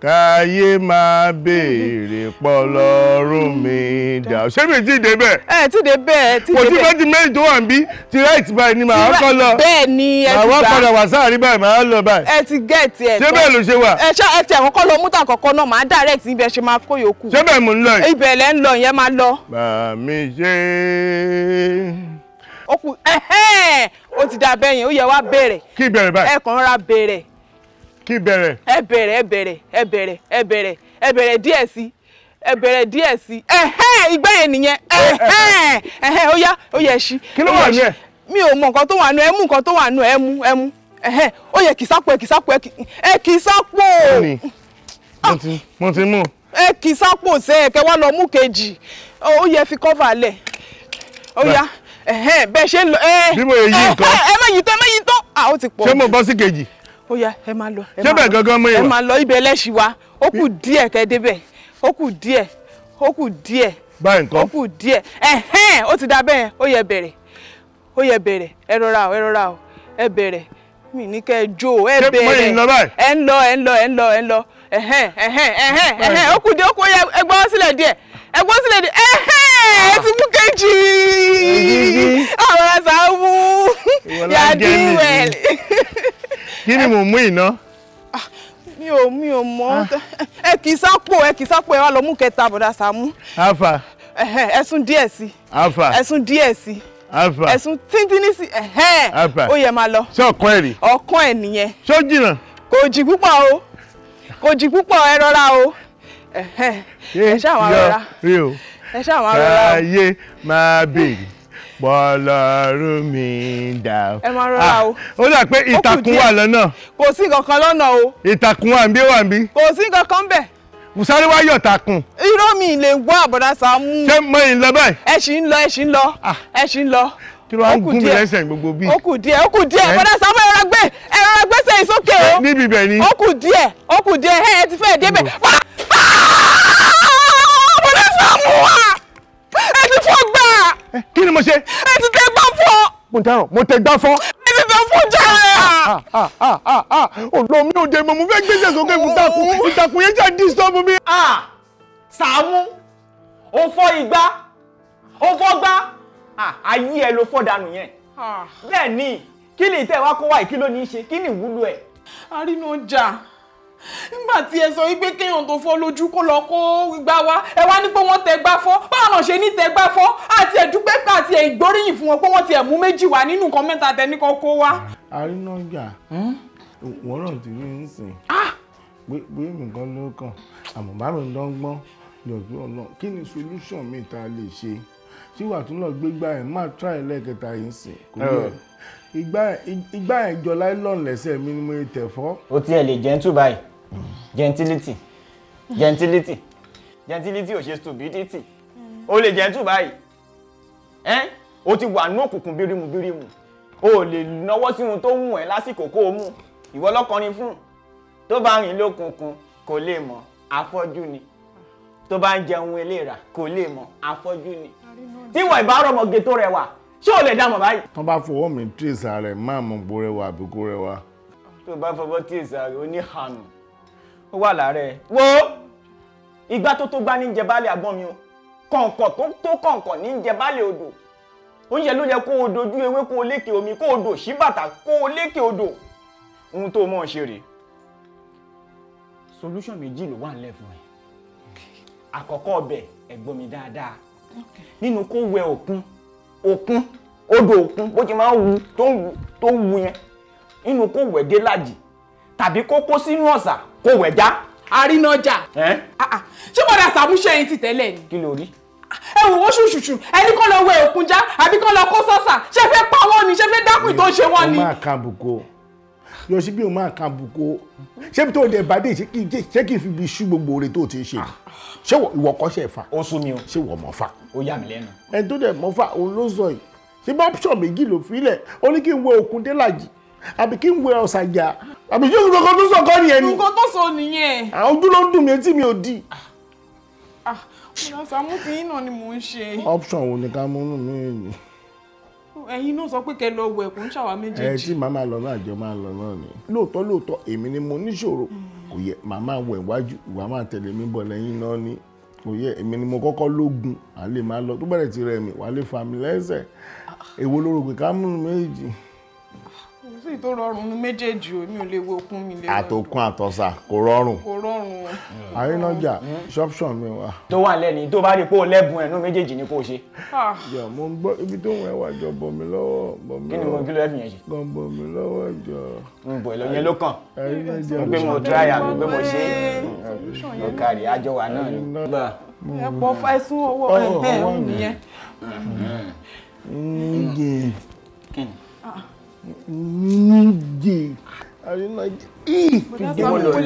káyé máa béèrè pọlọ́run mi dà ọ ṣé mi ti dé bẹ́ẹ̀. ẹ ti dé bẹ́ẹ̀ ti dé bẹ́ẹ̀. kò tí ti méjì tó wà ń bí ti ráìtì báyìí ni màá kọ́ lọ. bẹ́ẹ̀ ni ẹ ti gbà màá padà wà sáà rí báyìí màá lọ báyìí. ẹ ti gẹ́ ti ẹ̀ tán ṣé bẹ́ẹ̀ ló ṣe wà. ẹ ṣá ẹ ti àkọ́kọ́ lọ mútà kọ̀ọ̀kan náà
màá direct níbi ẹ ṣe máa kó yòókù. ṣé bẹ́ẹ̀ mò ń lọ yìí. ibẹ̀ lẹ́ ń lọ yẹn máa lọ. ti dà bẹ́yẹn ó yẹ wá bẹ̀rẹ̀ kí
bẹ̀rẹ̀ báyìí ẹ̀kan ra kí bẹ̀rẹ̀.
ẹ bẹ̀rẹ̀ ẹ bẹ̀rẹ̀ ẹ bẹ̀rẹ̀ ẹ bẹ̀rẹ̀ ẹ bẹ̀rẹ̀ díẹ̀ sí ẹ bẹ̀rẹ̀ díẹ̀ sí ẹ̀hẹ́ ìgbà yẹn nìyẹn ẹ̀hẹ́ ẹ̀hẹ́ ó yá ó yẹ ṣí. kí ló wà ní ẹ. mi ò mọ nǹkan tó wà nù ẹ mú nǹkan tó wà nù ẹ mú ẹ mú
ẹ̀hẹ́ ó yẹ kìsápò ẹ kìsápò ẹ kìsápò. mo ti mú. ẹ kìsápò ṣe é kẹ wá lọ mú kejì ó yẹ fi kọ́fà lẹ̀ ó yá ẹ̀hẹ́ bẹ́ẹ̀ ṣe ń lọ. bí mo yẹ yí nǹkan. ẹ má yí tán ẹ má yí tán. ṣé mo bọ́ sí kejì
ó yá ẹ máa lọ. ṣé bẹ́ẹ̀ gangan mú ìwà. ẹ máa lọ
ibẹ̀ lẹ́sìn wa ó kù díẹ̀ kẹ́ débẹ̀ ó kù díẹ̀ ó kù díẹ̀. báyìí nǹkan. ó kù díẹ̀ ẹ̀hẹ́n
ó ti da bẹ́ẹ̀ ó yẹ bẹ̀rẹ̀ ó yẹ bẹ̀rẹ̀ ẹ rọra o ẹ rọra o ẹ bẹ̀rẹ̀ mi ní kẹ́ ẹ jó o ẹ bẹ̀rẹ̀ ẹ ń lọ ẹ ń lọ ẹ ń lọ ẹ ń lọ ẹ̀hẹ́n ẹ̀hẹ́n ẹ̀hẹ́n ẹ̀hẹ́n ó kù díẹ̀ ó kù yẹ ẹgbẹ́ wọn sílẹ̀ díẹ̀ ẹgbẹ́ wọn sílẹ̀ díẹ̀ ẹ̀hẹ́n ẹ ti mú kejì
àwọn àṣà wù yàdí wẹ̀lì kí ni mò ń mú iná.
Ah, mi ò mi ò mọ ẹ kì í sápò ẹ kì í sápò ẹ wá lọ mú kẹta bọ̀dá Sàámú. afa. ẹ̀sùn díẹ̀ sí.
afa. ẹ̀sùn díẹ̀ sí. afa. ẹ̀sùn
tíntínní sí. afa. ó yẹ máa lọ. ṣé ọkàn ẹ rí. ọkàn ẹ nìyẹn. ṣó jìnnà. kò jì púpọ̀ o kò jì púpọ̀ ẹ rọra o ẹ ṣáà máa rọra ẹ ṣáà máa rọra o. ayé
máa bèrè bọ́lọ́run mi dà ó. ẹ máa rọra ah, o. ó dà pé ìtàkùn wà lọ́nà. kò sí kankan lọ́nà o. ìtàkùn wà ń bí wà ń bí. kò sí kankan bẹ̀. sáré wá yọ̀ tàkùn. irọ́ mi lè gbọ́ àbọ̀dá Sàámú. ṣé mo ì lọ báyìí. ẹ ṣì ń lọ ẹ ṣì ń lọ ah. ẹ ṣì ń lọ. kí ló wá ń gún mi lẹ́sẹ̀ gbogbo bí. ó kù díẹ̀ ó kù díẹ̀ eh? àbọ̀dá Sàámú ẹ rọra gbé ẹ gbé sẹ́yìn sókè o. Eh, níbi ibẹ̀ ni. ó kù díẹ̀ ó kù díẹ̀ ẹ ti fẹ́ débẹ̀. àbọ̀dá
Sàámú wa ẹ ti fọ́
Eh, kí ni mo ṣe. ẹ ti tẹ gbá fọ. mo dáràn mo tẹ gbá fọ. ẹ
ti tẹ fún jàre. ọ̀nà
ah, ah, ah, mi ò dé mo mú fẹ́ gbé jẹ́ sókè ìtàkùn ìtàkùn yẹn jà disturb mi. Sàámú ó fọ́ igbá o fọ́ gbá ayé ẹ ló fọ́ dànù yẹn bẹ́ẹ̀ ni kí ni ìtẹ̀wá kó wá ìkí ló ní í ṣe kí ni ìwúlò ẹ̀. arínú ọjà nígbà tí ẹ sọ wípé kéèyàn tó fọ́ lójú kó lọ kó gbá wá ẹ wá ní pé wọ́n tẹ gbá fọ́ báwọn náà ṣe ní tẹ gbá fọ́ àti ẹ̀dúpẹ́ àti ìgbóríyìn fún wọn pé wọ́n ti ẹ̀ mú méjì wá nínú nǹkan mẹ́ta tẹ́ni kan kó wá. àrínájà hmm? wọn náà ti rí ń sìn ah! pé nǹkan ló kàn àmọ́ bá mi dán gbọ́n lọ́dún ọ̀nà kí ni solution mi ta lè ṣe tí wàá tún lọ gbégbá ẹ̀ má try lẹ́ẹ̀kẹta yìí sìn kò yẹ ìgbà ìjọ láìlọ́ọ̀n lẹ́sẹ̀ mi ni mo tẹ̀ fọ́. ó tiẹ̀ lè jẹ́ ń tù báyìí gentility gentility gentility ò ṣe stupidity o lè gentle báyìí ẹ́n o ti wà ní òkùnkùn bírímù bírímù o lè náwó sí ohun tó mú ẹ lásìkò kó o mú ìwọ lọ́kọrin fún tó bá rìn lókùnkùn kò lè mọ̀ afọ́jú ni tó bá ń jẹun eléra kò lè mọ̀ afọ́jú ni tí ìwọ ìbárọ̀mọ̀gẹ tó rẹwà ṣé o lè dá mọ̀ báyìí. tó bá fọwọ́ mi tíì sáré máàmù bó rẹwà àbíkú rẹwà. tó bá fọwọ́ tíì sáré o ní hànú ó wà láàárẹ̀ wo ìgbà tó tó gbá ní jẹbálẹ̀ àgbọn mi o kọ̀ǹkọ̀ tó tó kọ̀ǹkọ̀ ní jẹbálẹ̀ odò oúnjẹ ló yẹ kó o dojú ewé kó o lékè omi kó o dò sí bàtà kó o lékè odò ohun tó mọ̀ ṣe rèé solution méjì ló wà nílẹ̀ fún ẹ àkọ́kọ́ ọbẹ̀ ẹ̀gbọ́n mi dáadáa nínú kó wẹ òkun òkun odò òkun bó ti máa ń wu tó ń wu yẹn nínú kó wẹ̀ dé lájì tàbí kó kó sínú ọ̀sà kò wẹ̀já. àrínájà ah, ah. ṣé bọ́dà sàmúṣe yín ti tẹ́lẹ̀ ni. kí ló rí. ẹ wò ó ṣùṣùṣù ẹni kọ́ lọ wẹ
òkun já àbí kọ́ lọ kó sọ́sà ṣé fẹ́ pa wọ́n ni ṣé fẹ́ dákùn tó ṣe wọ́n ni. ó máa
kan àbùkù yọ sí bí o máa kan àbùkù ṣé tó dẹ̀ bá dé ṣé kí n fi bí ṣú gbogbo oore tó ti ń ṣe ah. ṣé ìwọ kọ́ ṣe fa. ó sún mi o ṣé wọ́n mọ̀ fa. ó yà mí lẹ́nu. ẹni tó dẹ̀ mọ̀ fa òun ló sọ yìí ṣé bá option méjì ló fi lẹ̀ ó ní kí n wẹ òkun dé làjì àbí kí n wẹ ọ̀sàjà àbí yóò ń gbogbo tó sọ̀kọ́ nìyẹn ni. nǹkan
tó sọ nìyẹn.
àwọn ojú ló ń dùn mí etí mi ò di. Ah.
Ah, ọ̀nà Sàámú ti yín náà ni mò ń ṣe.
option wo ni ká mú nù mí ni. ẹ̀yin náà sọ pé kẹ́ lọ wẹ̀ kó ń ṣàwà méjèèjì. ẹ tí màmá lọ náà jọ máa lọ náà ni. lóòótọ́ lóòótọ́ èmi ni mo níṣòro kò yẹ màmá wẹ̀ wájú ìwà máa tẹ̀lé mi bọ̀ lẹ́yìn náà ni kò yẹ èmi ni mo kọ́kọ́ lógun à lè máa lọ tó bẹ̀rẹ̀ ti rẹ̀ mi wà á lè fa mi lẹ́sẹ̀ ah. èwo lóru pé ká mú nù méjì sí tó rọrùn nu méjèèjì o mi ò lè wo okun mi lè rọrùn. àtòkun àtọ̀sà kò rọrùn. kò rọrùn o. àrínájà ṣọ́pṣọ̀n mi wà. tó wà lẹ́ni tó bá rí pé o lẹ́bùn ẹ̀nu méjèèjì ni kò ṣe. Ah. yà mo ń gbọ́ ibi tó ń wẹ̀ wá jọ bọ̀ mí lọ́wọ́ bọ̀ mí lọ́wọ́. kí ni mo kí ló fìyẹn lọ́wọ́ jọ. ń bọ̀ ìlọ yẹn ló kàn. àrínájà mo pé mo é. ọkàrí àjọ wà náà ni níje àrínájà ii. bọ́lọ̀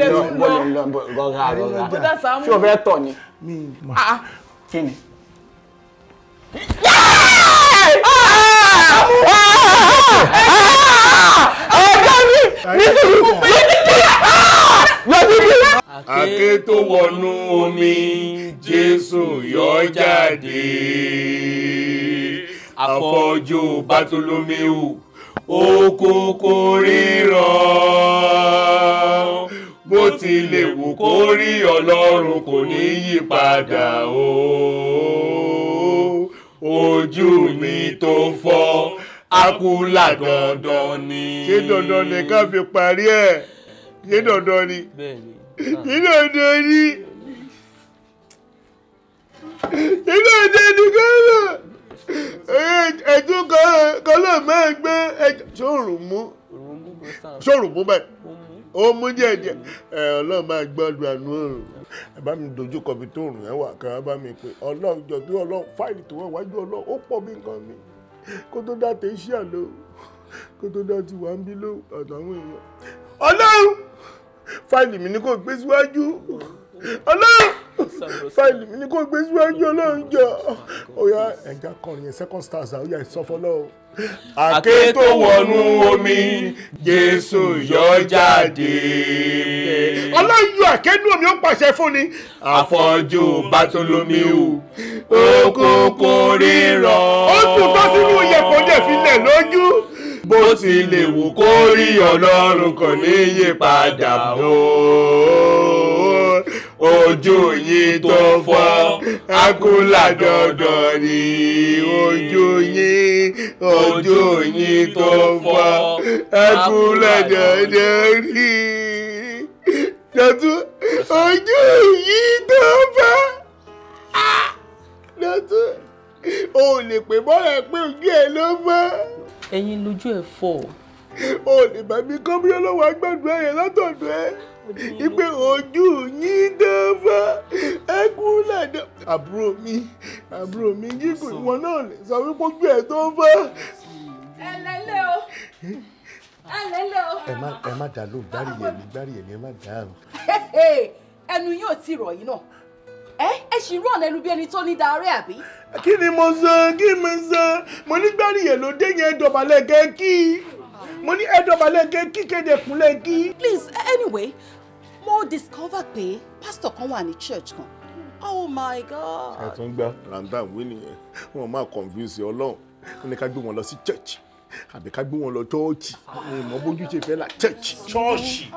lọ gọ́gá gọ́gá ṣé o fẹ́ tọ̀ ni. Ah, ah. kí ni. Àké tó wọnú omi, Jésù yọ jáde. Àfọ́jú Bátólómẹ́ù òkùnkùn ríràn bó tilẹ̀ wù kó rí ọlọ́run kò ní yí padà o ojú mi tó fọ́ akúlà dandan ni. ṣé dandan ni ká fi parí ẹ̀ ṣé dandan ni ṣé dandan ni ṣé dandan ni ká lọ ẹjú kọlọ máa gbé ṣòrùn mú ṣòrùn mú bẹ́ẹ̀ ó mú díẹ̀ díẹ̀ ẹ Ọlọ́run máa gbọ́dọ̀ àánú òrùn ẹ bá mi dojú kọ bí tó òrùn yẹn wà kí wọn bá mi pè Ọlọ́run jọ bí Ọlọ́run fáìlì tó wà wájú Ọlọ́run ó pọ̀ bí nǹkan mi kó tó dá tẹsíà lọ kó tó dá ti wà ń bí lọ àtàwọn èèyàn Ọlọ́run fáìlì mi ni kò gbé síwájú ọlọ́run fáìlì mi ni kò gbé síwájú ọlọ́run jọ ọ̀yà ẹ̀já kọrin yẹn second stars ọ̀yà ìsọfọlọ́ o. àké tó wọnú omi jésù yọ jáde. ọlọ́run yọ àkénú omi ó pàṣẹ fún ni. àfọ́jú bàtólómíù òkòkò ríran. ó tún bá sínú iyẹ̀pọ̀ dẹ̀ fi lẹ̀ lójú bó ti lè wù kó rí ọlọ́run kò ní yí padà o ojú yín tó fọ́ akúládọ́dọ̀ ni ojú yín ojú yín tó fọ́ akúládọ́dọ̀ ni dọ̀tún ojú yín tó fọ́ ah! dọ̀tún o lè pè bọ́lá pé ojú ẹ ló fọ́. ẹ̀yin lójú ẹ fọ́. o lè bá mi kọ́ bí olówó agbádùn ẹ̀yẹ látọ̀dọ̀ ẹ ìpè ojú yín dáfà ẹkún làdá. àbúrò mi àbúrò mi gígùn ìwọ náà lè sọ wípé ojú ẹ tó ń fà.
ẹ lẹ́lẹ́ o ẹ lẹ́lẹ́ o.
ẹ má ẹ má dà ló gbárí yẹn ní gbárí yẹn ní ẹ má dà o.
ẹnu yóò ti rọ̀ yín náà ẹ ẹ sì rán lẹ́nu bí ẹni tó ní darí àbí.
kí ni mo san kí mo san mo ní gbárí yẹn ló dé yẹn dọ̀bálẹ̀ kẹ́kí mo ní ẹ dọ̀bálẹ̀ kẹ́kí kéde kúnlẹ̀ kí. please anyway mo discover pé pastor kan wà ní
church kan oh my god.
ẹ tún gbá randam wí nìyẹn wọn máa confuse Ọlọ́run wọn ni ká gbé wọn lọ sí church àbí ká gbé wọn lọ chọọchì ìmọ̀ bójú ṣe fẹ́ la church. chọọchì.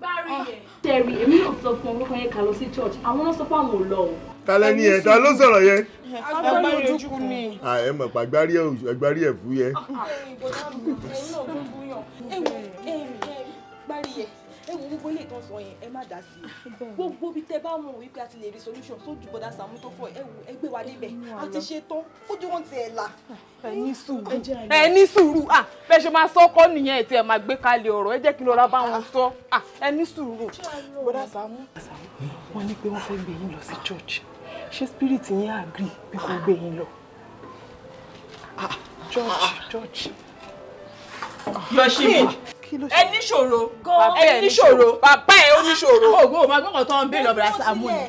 bárí yẹn. tẹ̀rí èmi náà sọ fún ọmọkùnrin yẹn ká lọ sí church àwọn náà sọ fún àwọn ò lọ o.
talẹ ni ẹ ta ló sọ̀rọ̀ yẹn. agbárí ojúkú ni. ẹ mọ̀ pa agbárí ẹ̀ fú yẹn. ẹ
wò ẹ parí yẹ ẹ wo gbogbo ilé ìtàn sọ yẹn ẹ má dá sí i gbogbo ibi tẹ bá wọn wípé a ti lè rí solution sójú bọ́dá Sàámú tó fọ ẹ wò wa débẹ̀ a ti ṣe tán ojú wọn ti ẹ̀ là. ẹ ní sùúrù ẹ ní sùúrù à bẹ ṣe máa sọ kọ́ nìyẹn ẹ̀ tí ẹ máa gbé kalẹ̀ ọ̀rọ̀ ẹ jẹ́ kí n lọ́ra bá wọn sọ ẹ ní sùúrù. bọ́dá Sàámú wọ́n ní pé wọ́n fẹ́ gbé yín lọ sí church ṣé spirit yín agree pé kò gbé yín lọ church church. yọ̀ṣì mi ẹ níṣòro ẹ níṣòro bàbá ẹ ó níṣòro. ògo ò máa gbọ́kàn tó ń bèèrè ọ̀bẹ̀rẹ̀ sàmú ẹ̀.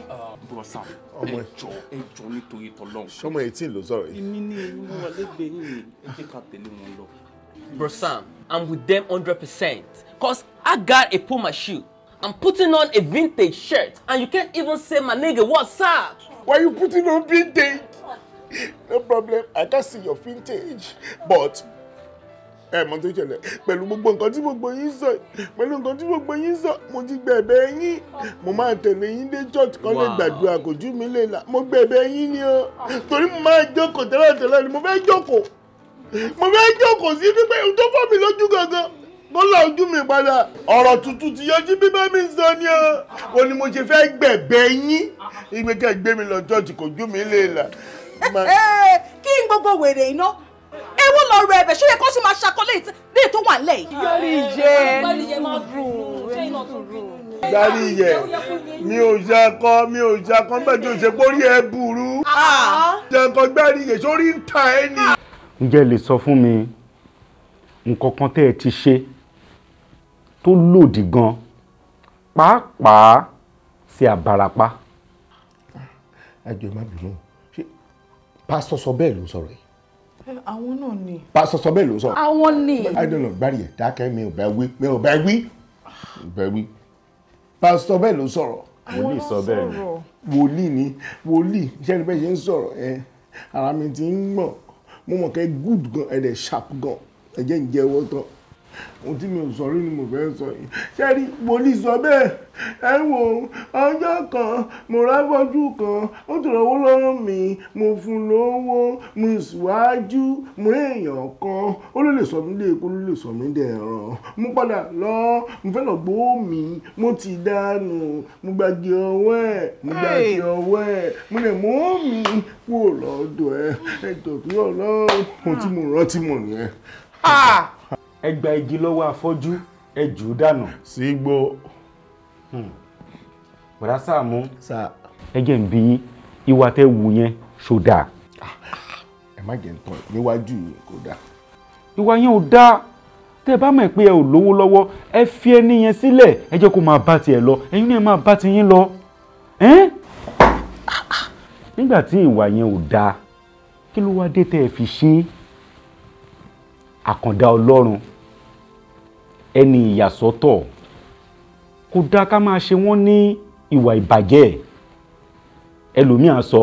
bùrọ̀sà ẹjọ ẹjọ nítorí tọlọ́run. sọmọ etí ló sọ̀rọ̀ yìí. èmi ni èmi wà lẹ́gbẹ̀ẹ́ yìí ẹ jẹ́ ká tẹ̀lé wọn lọ. Bro Sam, I'm with them 100% cause I got a Puma shoe. I'm putting on a vintage shirt and you can't even say my nigga what's up. Why you putting on vintage? No problem, I can see your vintage but ẹ mọ tó ṣẹlẹ̀ pẹ̀lú gbogbo nǹkan tí gbogbo yín sọ pẹ̀lú nǹkan tí gbogbo yín sọ mo ti gbẹ̀bẹ̀ yín mo máa tẹ̀lé yín dé church kan lè gbàdúrà kò jú mi lè là mo gbẹ̀bẹ̀ yín ni o torí mo máa jókòó tẹ́lẹ̀tẹ́lẹ̀ ni mo fẹ́ jókòó mo fẹ́ jókòó sí pípẹ́ tó fọ́ mi lójú gangan mo la ojú mi padà ọ̀rọ̀ tuntun ti yọjú bí bẹ́ẹ̀ mi ń sọ ni o ò ní mo ṣe fẹ́ gbẹ̀bẹ̀ yín ìgbẹ́kẹ̀ gbé mi lọ church kò jú mi lè là. Eh, eh, kí n gbogbo wèrè iná ẹ wọ́n lọ rẹ ẹ̀bẹ̀ ṣé yẹ kó sì máa ṣàkọlé léè
tó wà lẹ́yìn. yọrí ìyẹ yọrí
ìyẹ mi ò yakọ mi ò yakọ bẹ́ẹ̀ tí o ṣe pórí ẹ burú yakọ gbẹ́rì ìyẹ sórí ń ta ẹ ni. ǹjẹ́ lè sọ fún mi nǹkan kan tẹ́ ẹ ti ṣe tó lòdì gan pàápàá sí àbàràpá. ẹ jọ̀ọ́ má bínú pásítọ̀ sọ bẹ́ẹ̀ ló sọ̀rọ̀ yìí
àwọn náà ni.
pásítọ̀ sọ bẹ́ẹ̀ ló sọ.
àwọn ni. àìdọ́lọ̀
gbárí ẹ̀ dákẹ́ mi ò bá wí mi ò bá wí ò bá wí pásítọ̀ bẹ́ẹ̀ ló sọ̀rọ̀. wòlíì sọ bẹ́ẹ̀ ni. wòlíì ni wòlíì jẹ́rìí bẹ́ẹ̀ ṣe ń sọ̀rọ̀ ẹ ara mi ti ń gbọ̀n mo mọ̀ kẹ́ good gan ẹ̀ dẹ̀ sharp gan ẹ̀ jẹ́ ń jẹ́wọ́ tán ohun tí mi ò sọ rí ni mo fẹ́ sọ yìí ṣẹ́rí mo ní sọ bẹ́ẹ̀ ẹ wò ọjọ́ kan mo ráfọ́jú kan ó tọrọ owó lọ́rùn mi mo fún lówó mo ìsíwájú mo èèyàn kan ó ló lè sọ mí lé epo ló lè sọ mí dẹ̀ràn mo padà lọ mo fẹ́ lọ gbowó mi mo ti dànù mo gbàgbé ọwọ́ ẹ̀ mo gbàgbé ọwọ́ ẹ̀ mo lè mú mi kúrò lọ́dọ̀ ẹ̀ ẹ̀ tòkí ọlọ́run ohun tí mo rántí mọ̀ nìyẹn ẹ gba igi lọ́wọ́ afọ́jú ẹ jù ú dànù. sígbó. Hmm. bọ̀dá Sàámú ẹ jẹ́ ń bí yín ìwà tẹ́ wù yẹn ṣó dáa. ẹ má jẹ́ ń tọ́ níwájú yìí kò dáa. ìwà yẹn ò dáa tẹ́ bá mọ̀ pé ẹ ò lówó lọ́wọ́ ẹ fi ẹni yẹn sílẹ̀ ẹ jẹ́ kó máa bá tiẹ̀ lọ ẹ̀yin náà máa bá tiyín lọ. nígbà tí ìwà yẹn ò dáa kí ló wá dé tẹ́ ẹ fi ṣe àkàndá ọlọ́run ẹni ìyàsọ́tọ̀ kò dáa ká máa ṣe wọ́n ní ìwà ìbàjẹ́ ẹlòmíà sọ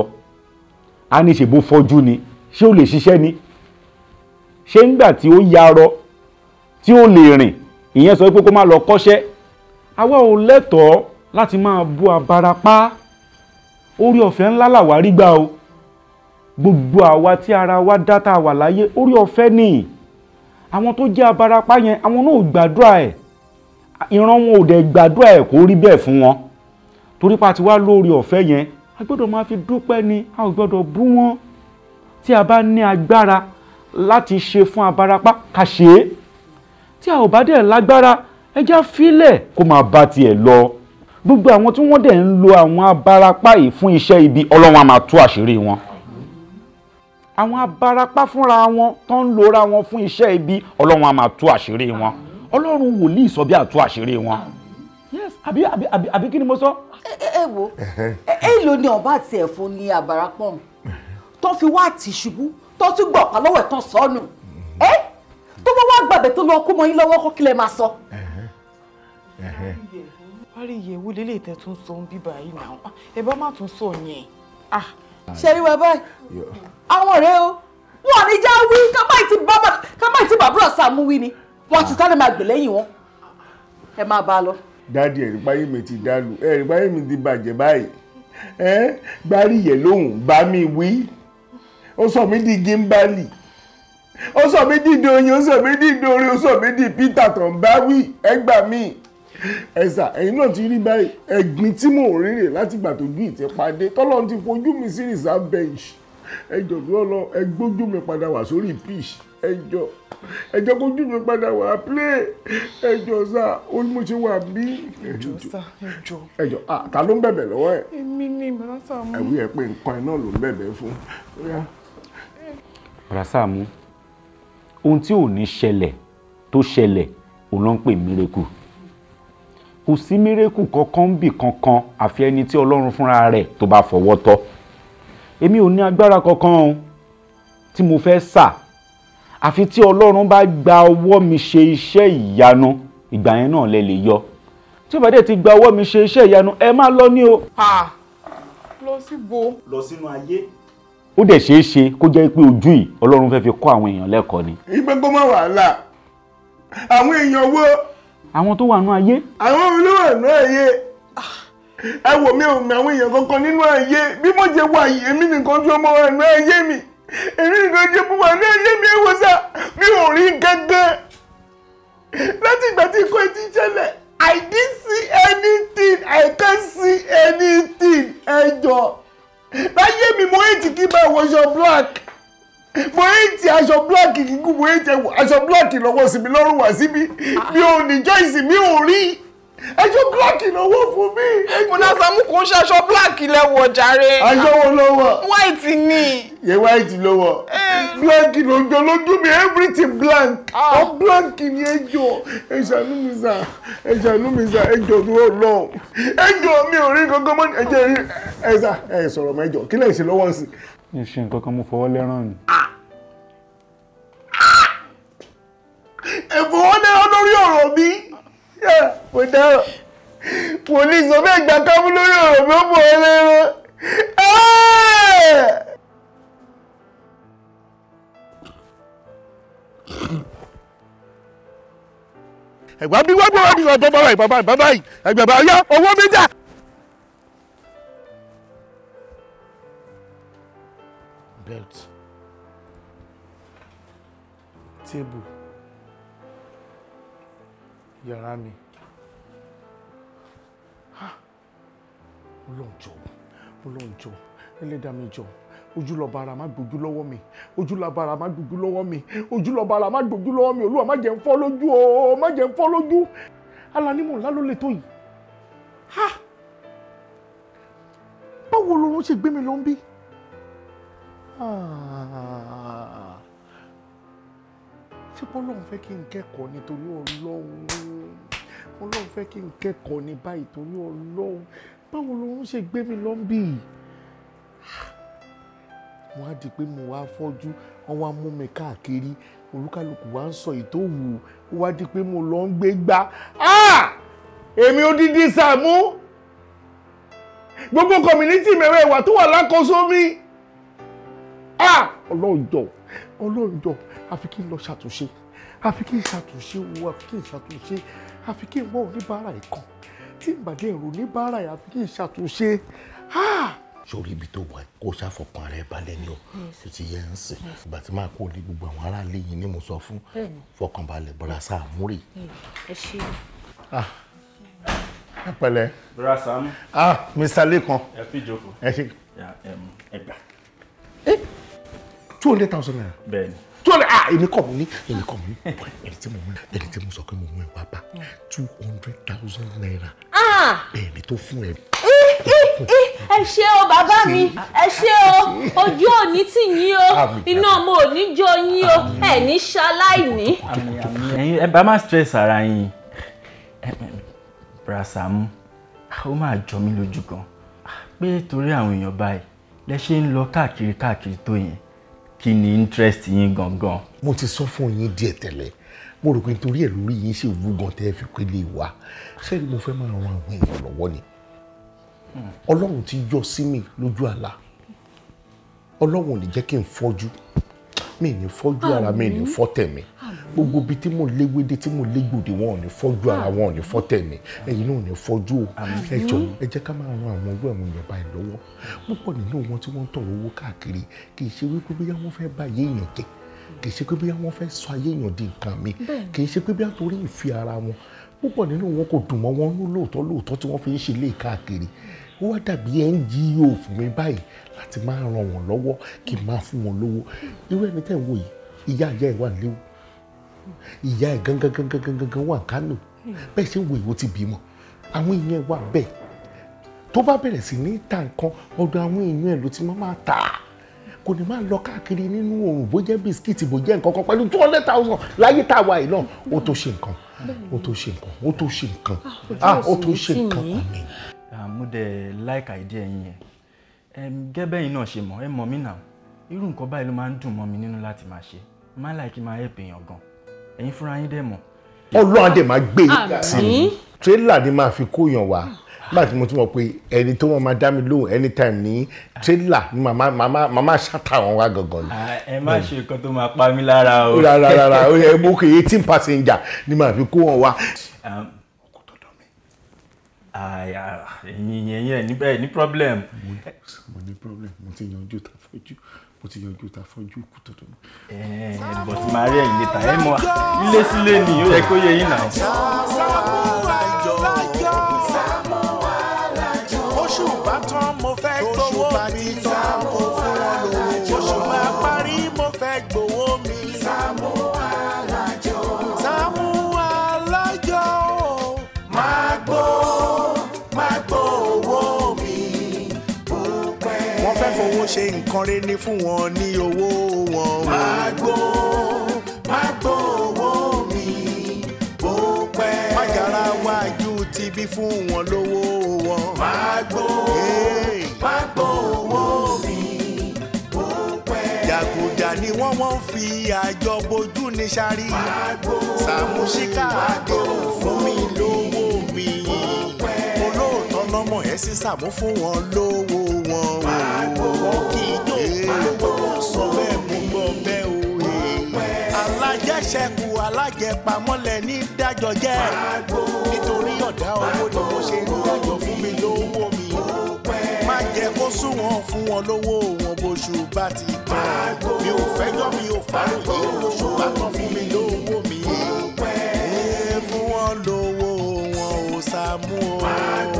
a ní ṣe bó fọ́jú ni ṣé ó lè ṣiṣẹ́ ni ṣé ńgbà tí ó yarọ tí ó lè rìn ìyẹn sọ pé kó má lọ kọ́ṣẹ́ àwa ò lẹ́tọ̀ọ́ láti máa bú abarapá orí ọ̀fẹ́ ńlá làwa gbà o gbogbo àwa tí ara wa dá tá a wà láyé orí ọ̀fẹ́ nìyí àwọn tó jẹ́ abarapá yẹn àwọn náà gbàdúrà ẹ̀ ìran wọn ò dẹ̀ gbàdúrà ẹ̀ kó rí bẹ́ẹ̀ fún wọn torí pa ti lórí ọ̀fẹ́ yẹn a gbọ́dọ̀ máa fi dúpẹ́ ni a ò gbọ́dọ̀ bú wọn tí a bá ní agbára láti ṣe fún abarapá ká ṣe é tí a ò bá dẹ̀ lágbára ẹja fílẹ̀ kó máa bá tiẹ̀ lọ gbogbo àwọn tí wọ́n dẹ̀ ń lo àwọn abarapá yìí fún iṣẹ́ ibi ọlọ́run á máa tú àṣírí wọn àwọn abarapá fúnra wọn tó ń lora wọn fún iṣẹ́ ibi ọlọ́run a máa tú àṣírí wọn ọlọ́run wòlíì sọ bí àtú àṣírí wọn yes àbí àbí àbí àbí kí ni mo sọ. ẹ ẹ wo èèlò ni ọba àti ẹ̀fọ́ ni àbárapọ̀ tó fi
wá àti ṣubú tó tún gbọ̀ pa lọ́wọ́ ẹ̀ tán ẹ tó bá wá gbàgbẹ́ tó lọ kó mọ yín lọ́wọ́ kó kílẹ̀ máa sọ. wárí ìyẹ̀wò lélẹ̀ tẹ́ tún sọ ń bíbá yìí náà ẹ bá má tún sọ yẹn ah, ṣẹ́rí wa báyìí àwọn ọ̀rẹ́ o wọn ní já wí kábàáyì tí bàbá Sàámú wí ni wọn ti sáré máa gbè lẹ́yìn wọn ẹ máa bá a lọ.
dáàdi ẹ̀rí páyé mi ti dàlù ẹ̀rí páyé mi ti bàjẹ́ báyìí ẹ gbárí yẹ lóhùn bá mi wí ó sọ mí di gímbálì ó sọ mí di doyin ó sọ mí di dorin ó sọ mí di Peter tó ń bá wí ẹ gbà míì ẹ̀sà ẹ̀yin náà ti rí báyìí ẹ̀gbin tí mò ń rèrè látìgbà tó gbìn ti padé tọ́lọ́run ti fojú mi sí reserve bench ẹjọ́ tó lọ ẹ gbójú mi padà wá sórí pitch ẹjọ́ ẹjọ́ gbójú mi padà wá play ẹjọ́ sá ó ní mo ṣe wà bí. ẹjọ́ sá ẹjọ́. ẹjọ́ ah ta ló ń bẹ̀bẹ̀ lọ́wọ́ ẹ̀.
èmi ni bàrásà mú. ẹ̀wí
ẹ̀ pé nǹkan iná ló ń bẹ̀bẹ̀ fún. bàrásà mú ohun tí ò ní ṣẹlẹ̀ tó ṣẹlẹ̀ òun ló ń pè mí rékù kò sí mírèkù kankan ń bì kankan àfi ẹni tí ọlọ́run fúnra rẹ̀ tó bá fọwọ́ tọ́ èmi ò ní agbára kankan o tí mo fẹ́ sà àfi tí ọlọ́run bá gba ọwọ́ mi ṣe iṣẹ́ ìyanu ìgbà yẹn náà lẹ lè yọ tí ó bá dẹ̀ ti gba ọwọ́ mi ṣe iṣẹ́ ìyanu ẹ má lọ ní o. lọ síbo. lọ sínú ayé ó dẹ̀ ṣeé ṣe kó jẹ́ pé ojú yìí fẹ́ fi kọ́ àwọn èèyàn lẹ́kọ̀ọ́ ni. ìgbẹ́ngbọ́n máa wà á là àwọn èèyàn wo àwọn tó wà nú ayé. àwọn olówó nú ayé ah, ẹ wò mí ò mọ àwọn èèyàn kankan nínú ayé bí mo jẹ wà yìí èmi nìkan tó mọ wà nú ayé mi èmi nìkan jẹ mọ wà nú ayé mi ẹwọ sá mi ò rí gángan láti ìgbà tí ikọ́ ti ṣẹlẹ̀ I didn't see anything I can't see anything ẹ jọ láyé mi mo ètì kí bá wọṣọ black mo ètì aṣọ búláàkì kíkú mo ètì aṣọ búláàkì lọ́wọ́ sí mi lọ́rùn wá síbi mi ò ní jọ́ìsì mi ò rí aṣọ búláàkì lọ́wọ́ fún mi. mo náà sàmú kò ń ṣe aṣọ búláàkì lẹ́wọ̀ jàre. aṣọ wo lọ́wọ́. white ni. yẹ white lọ́wọ́. búláàkì ló ń jọ lójú mi everything blank. Ah. ọ búláàkì ni ẹ jọ ẹ ṣàánú mi sà ẹ ṣàánú mi sà ẹ jọ tó lọ ẹ jọ mi ò rí gangan mọ́ ẹ ẹ sà ẹ sọ̀rọ̀ mọ́ ẹ jọ kí mi ò ṣe nǹkan kan mo fọwọ́ lẹ́ràn ni. ẹ̀fọwọ́ lẹ́ràn lórí ọ̀rọ̀ mi kò dára wò ní sọ bẹ́ẹ̀ gbà kámú lórí ọ̀rọ̀ mi ó fọwọ́ lẹ́ràn. ẹ̀gbọ́n bí wọ́n gbọ́ wọ́n ní ọ̀dọ́ bàbá yìí bàbá yìí ẹ̀gbẹ̀bà yá owó mi jà. belt table yàrá mi mo lọ́n jọ mo lọ́n jọ ẹlẹ́dàá mi jọ ojúlọba ara má gbójú lọ́wọ́ mi ojúlọba ara má gbójú lọ́wọ́ mi ojúlọba ara má gbójú lọ́wọ́ mi olúwa má jẹ́ ń fọ́ lójú o má jẹ́ ń fọ́ lójú alanimọ̀ ńlá ló lè tó yìí báwo lorun ṣe gbé mi lọ ń bí. Ah. ṣé bọ́lọ́run fẹ́ kí n kẹ́kọ̀ọ́ nítorí ọlọ́run ọlọ́run fẹ́ kí n kẹ́kọ̀ọ́ ní báyìí torí ọlọ́run báwo lòun ṣe gbé mi lọ́nbì wọ́n á di pé mo wá fọ́jú wọ́n wá mú mi káàkiri olúkálùkù wá ń sọ ìtòwù ó wá di pé mo lọ ń gbé gbá ah! èmi odidi Sàámú gbogbo kọ̀mínítì mẹ́wàá ìwà tó wà lákòóso mi. Ah! ọlọ́run jọ ọlọ́run jọ àfi kí n lọ ṣàtúnṣe àfi kí n ṣàtúnṣe owó àfi kí n ṣàtúnṣe àfi kí n wọ oníbàárà ìkan tí ìbàdí ẹ̀rọ oníbàárà yà àfi kí n ṣàtúnṣe sórí ah! ibi tó wà kó ṣàfọkàn rẹ balẹ̀ ni o tó ti yẹ ń sìn ìgbà tí máa kó lé gbogbo àwọn aráàlú yìí ni mo sọ fún fọkàn balẹ̀ bọ́lá sáàmú rè. ẹ ṣe. Ah! ẹ pẹ̀lẹ́. bọ́lá sáàmú. ah Mr. Lẹ́kan. ẹ fi jókòó. ẹ ṣe. ẹ gbà. Eh! two hundred thousand naira. bẹ́ẹ̀ni. two hundred ah èmi kọ̀ mú ní èmi kọ̀ mú ní ẹni tí mo mú ẹni tí mo sọ pé mo mú ẹ bàbá two hundred thousand naira. Ah! bẹ́ẹ̀ni tó fún ẹ.
ẹ ṣé o bàbá mi ẹ ṣé o ojú òní tì yín o iná ọmọ òní jó yín o ẹ ní ṣaláìní.
ẹ̀yin ẹ bá má stress ara yín brasamu ó máa jọ mí lójú gan pé torí àwọn èèyàn báyìí lẹ ṣe ń lọ káàkiri káàkiri tó yẹn kí ni interest yín gangan. mo ti sọ fún yín díẹ̀ tẹ́lẹ̀ mo rò pé nítorí ẹ̀ lórí yín ṣe wú gan tẹ́ fi pé lè wá sẹ́ni mo fẹ́ máa ran àwọn èèyàn lọ́wọ́ ni ọlọ́run ti yọ sí mi lójú àlá ọlọ́run ò ní jẹ́ kí n fọ́jú mi ò ní fọ́jú ara mi ò ní fọ́ tẹ̀mí gbogbo ibi tí mo léwédé tí mo légbòde wọn ò ní fọ́jú ara wọn ò ní fọ́ tẹ̀mí ẹ̀yin náà ò ní fọ́jú o ẹ jọ ẹ jẹ́ ká máa ran àwọn irú àwọn èèyàn báyìí lọ́wọ́ púpọ̀ nínú wọn tí wọ́n ń tọrọ owó káàkiri kì í ṣe wípé bóyá wọ́n fẹ́ bá ayé èèyàn jẹ́ kì í ṣe pé bóyá wọ́n fẹ́ sọ ayé èèyàn di nǹkan mi kì í ṣe pé bóyá torí ìfẹ́ ara wọn púpọ̀ nínú wọn kò dùn mọ́ wọn ní lóòótọ́ lóòótọ́ tí wọ́n fi ń ṣe lé káàkiri ó wá dàbí ngo fún mi báyìí láti máa ràn wọ́n lọ́wọ́ kí n máa fún wọn lówó irú ẹni tẹ́ ń yìí ìyá ìyá ẹ̀ wà níléwu ìyá ẹ̀ gangan gangan gangan gangan wà kánò bẹ́ẹ̀ ṣe ń wo ìwọ ti bímọ àwọn èèyàn wà bẹ́ẹ̀ tó bá bẹ̀rẹ̀ sí ní ta nǹkan ọ̀dọ̀ àwọn èèyàn ẹ̀ ló ti máa máa tà á kò ní máa lọ káàkiri nínú oòrùn bó bisikíìtì bó nǹkan kan pẹ̀lú two hundred thousand láyé tá a wà yìí náà ó tó ṣe nǹkan ó tó ṣe nǹkan ó tó ṣe nǹkan ah, ah, ó tó ṣe nǹkan àmín. Ah, mo dẹ̀ like idea yín yẹn gẹ́gẹ́ yín náà ṣe mọ̀ ẹ mọ̀ mí náà irú nǹkan báyìí ló máa ń dùn mọ́ mi nínú láti máa ṣe máa like máa help èèyàn gan-an ẹ̀yin fúnra yín dẹ̀ mọ̀. ọlọ́run àdè máa gbé yín ga sí i tírélà ni máa fi kóyàn wá nígbà tí mo tún mọ̀ pé ẹni tó máa dá mi lóhùn anytime ní tírélà ni màmá ṣàtà wọn wá gangan ni. ẹ má ṣe nǹkan tó máa pa mí lára o. rárá rárá o yẹ mú kí eighteen passenger ni màá fi kó wọn wá. ẹ̀yin yẹn yẹn ní problem. mo ní problem mo ti yanjú tàfọ́jú mo ti yanjú ta fọ́njú kù tọ̀dọ̀ mi. ẹ ẹ bọ̀tí màá rí ẹ̀yìn lẹ́ta ẹ mọ ilé sílé ni ó yẹ kó yẹ yín náà. fún wọn ní owó wọn. Magbo Magbo owó mi bó pẹ́. Mágara wájú ti bí fún wọn lówó wọn. Magbo Magbo owó mi bó pẹ́. Jàgùjà ni wọ́n wọ́n fi àjọ bojú ní sáré. Magbo Sàmúsíkà àdéhùn fún mi lówó mi. Olóòtọ́ lọ́mọ ẹ̀ sísàmú fún wọn lówó wọn. Magbo kìí sọ bẹ́ẹ̀ mo gbọ́ bẹ́ẹ̀ o alájẹṣẹ́kù alájẹpamọ́lẹ̀ ní dájọ́ jẹ́ nítorí ọ̀dá owó ni mo ṣe ń dájọ́ fún mi lówó mi má jẹ́ kó sún wọn fún wọn lówó wọn bóṣù bá ti tán mi ò fẹ́jọ́ mi ò fàròyé oṣù bá tán fún mi lówó mi fún wọn lówó wọn ò sá mú o.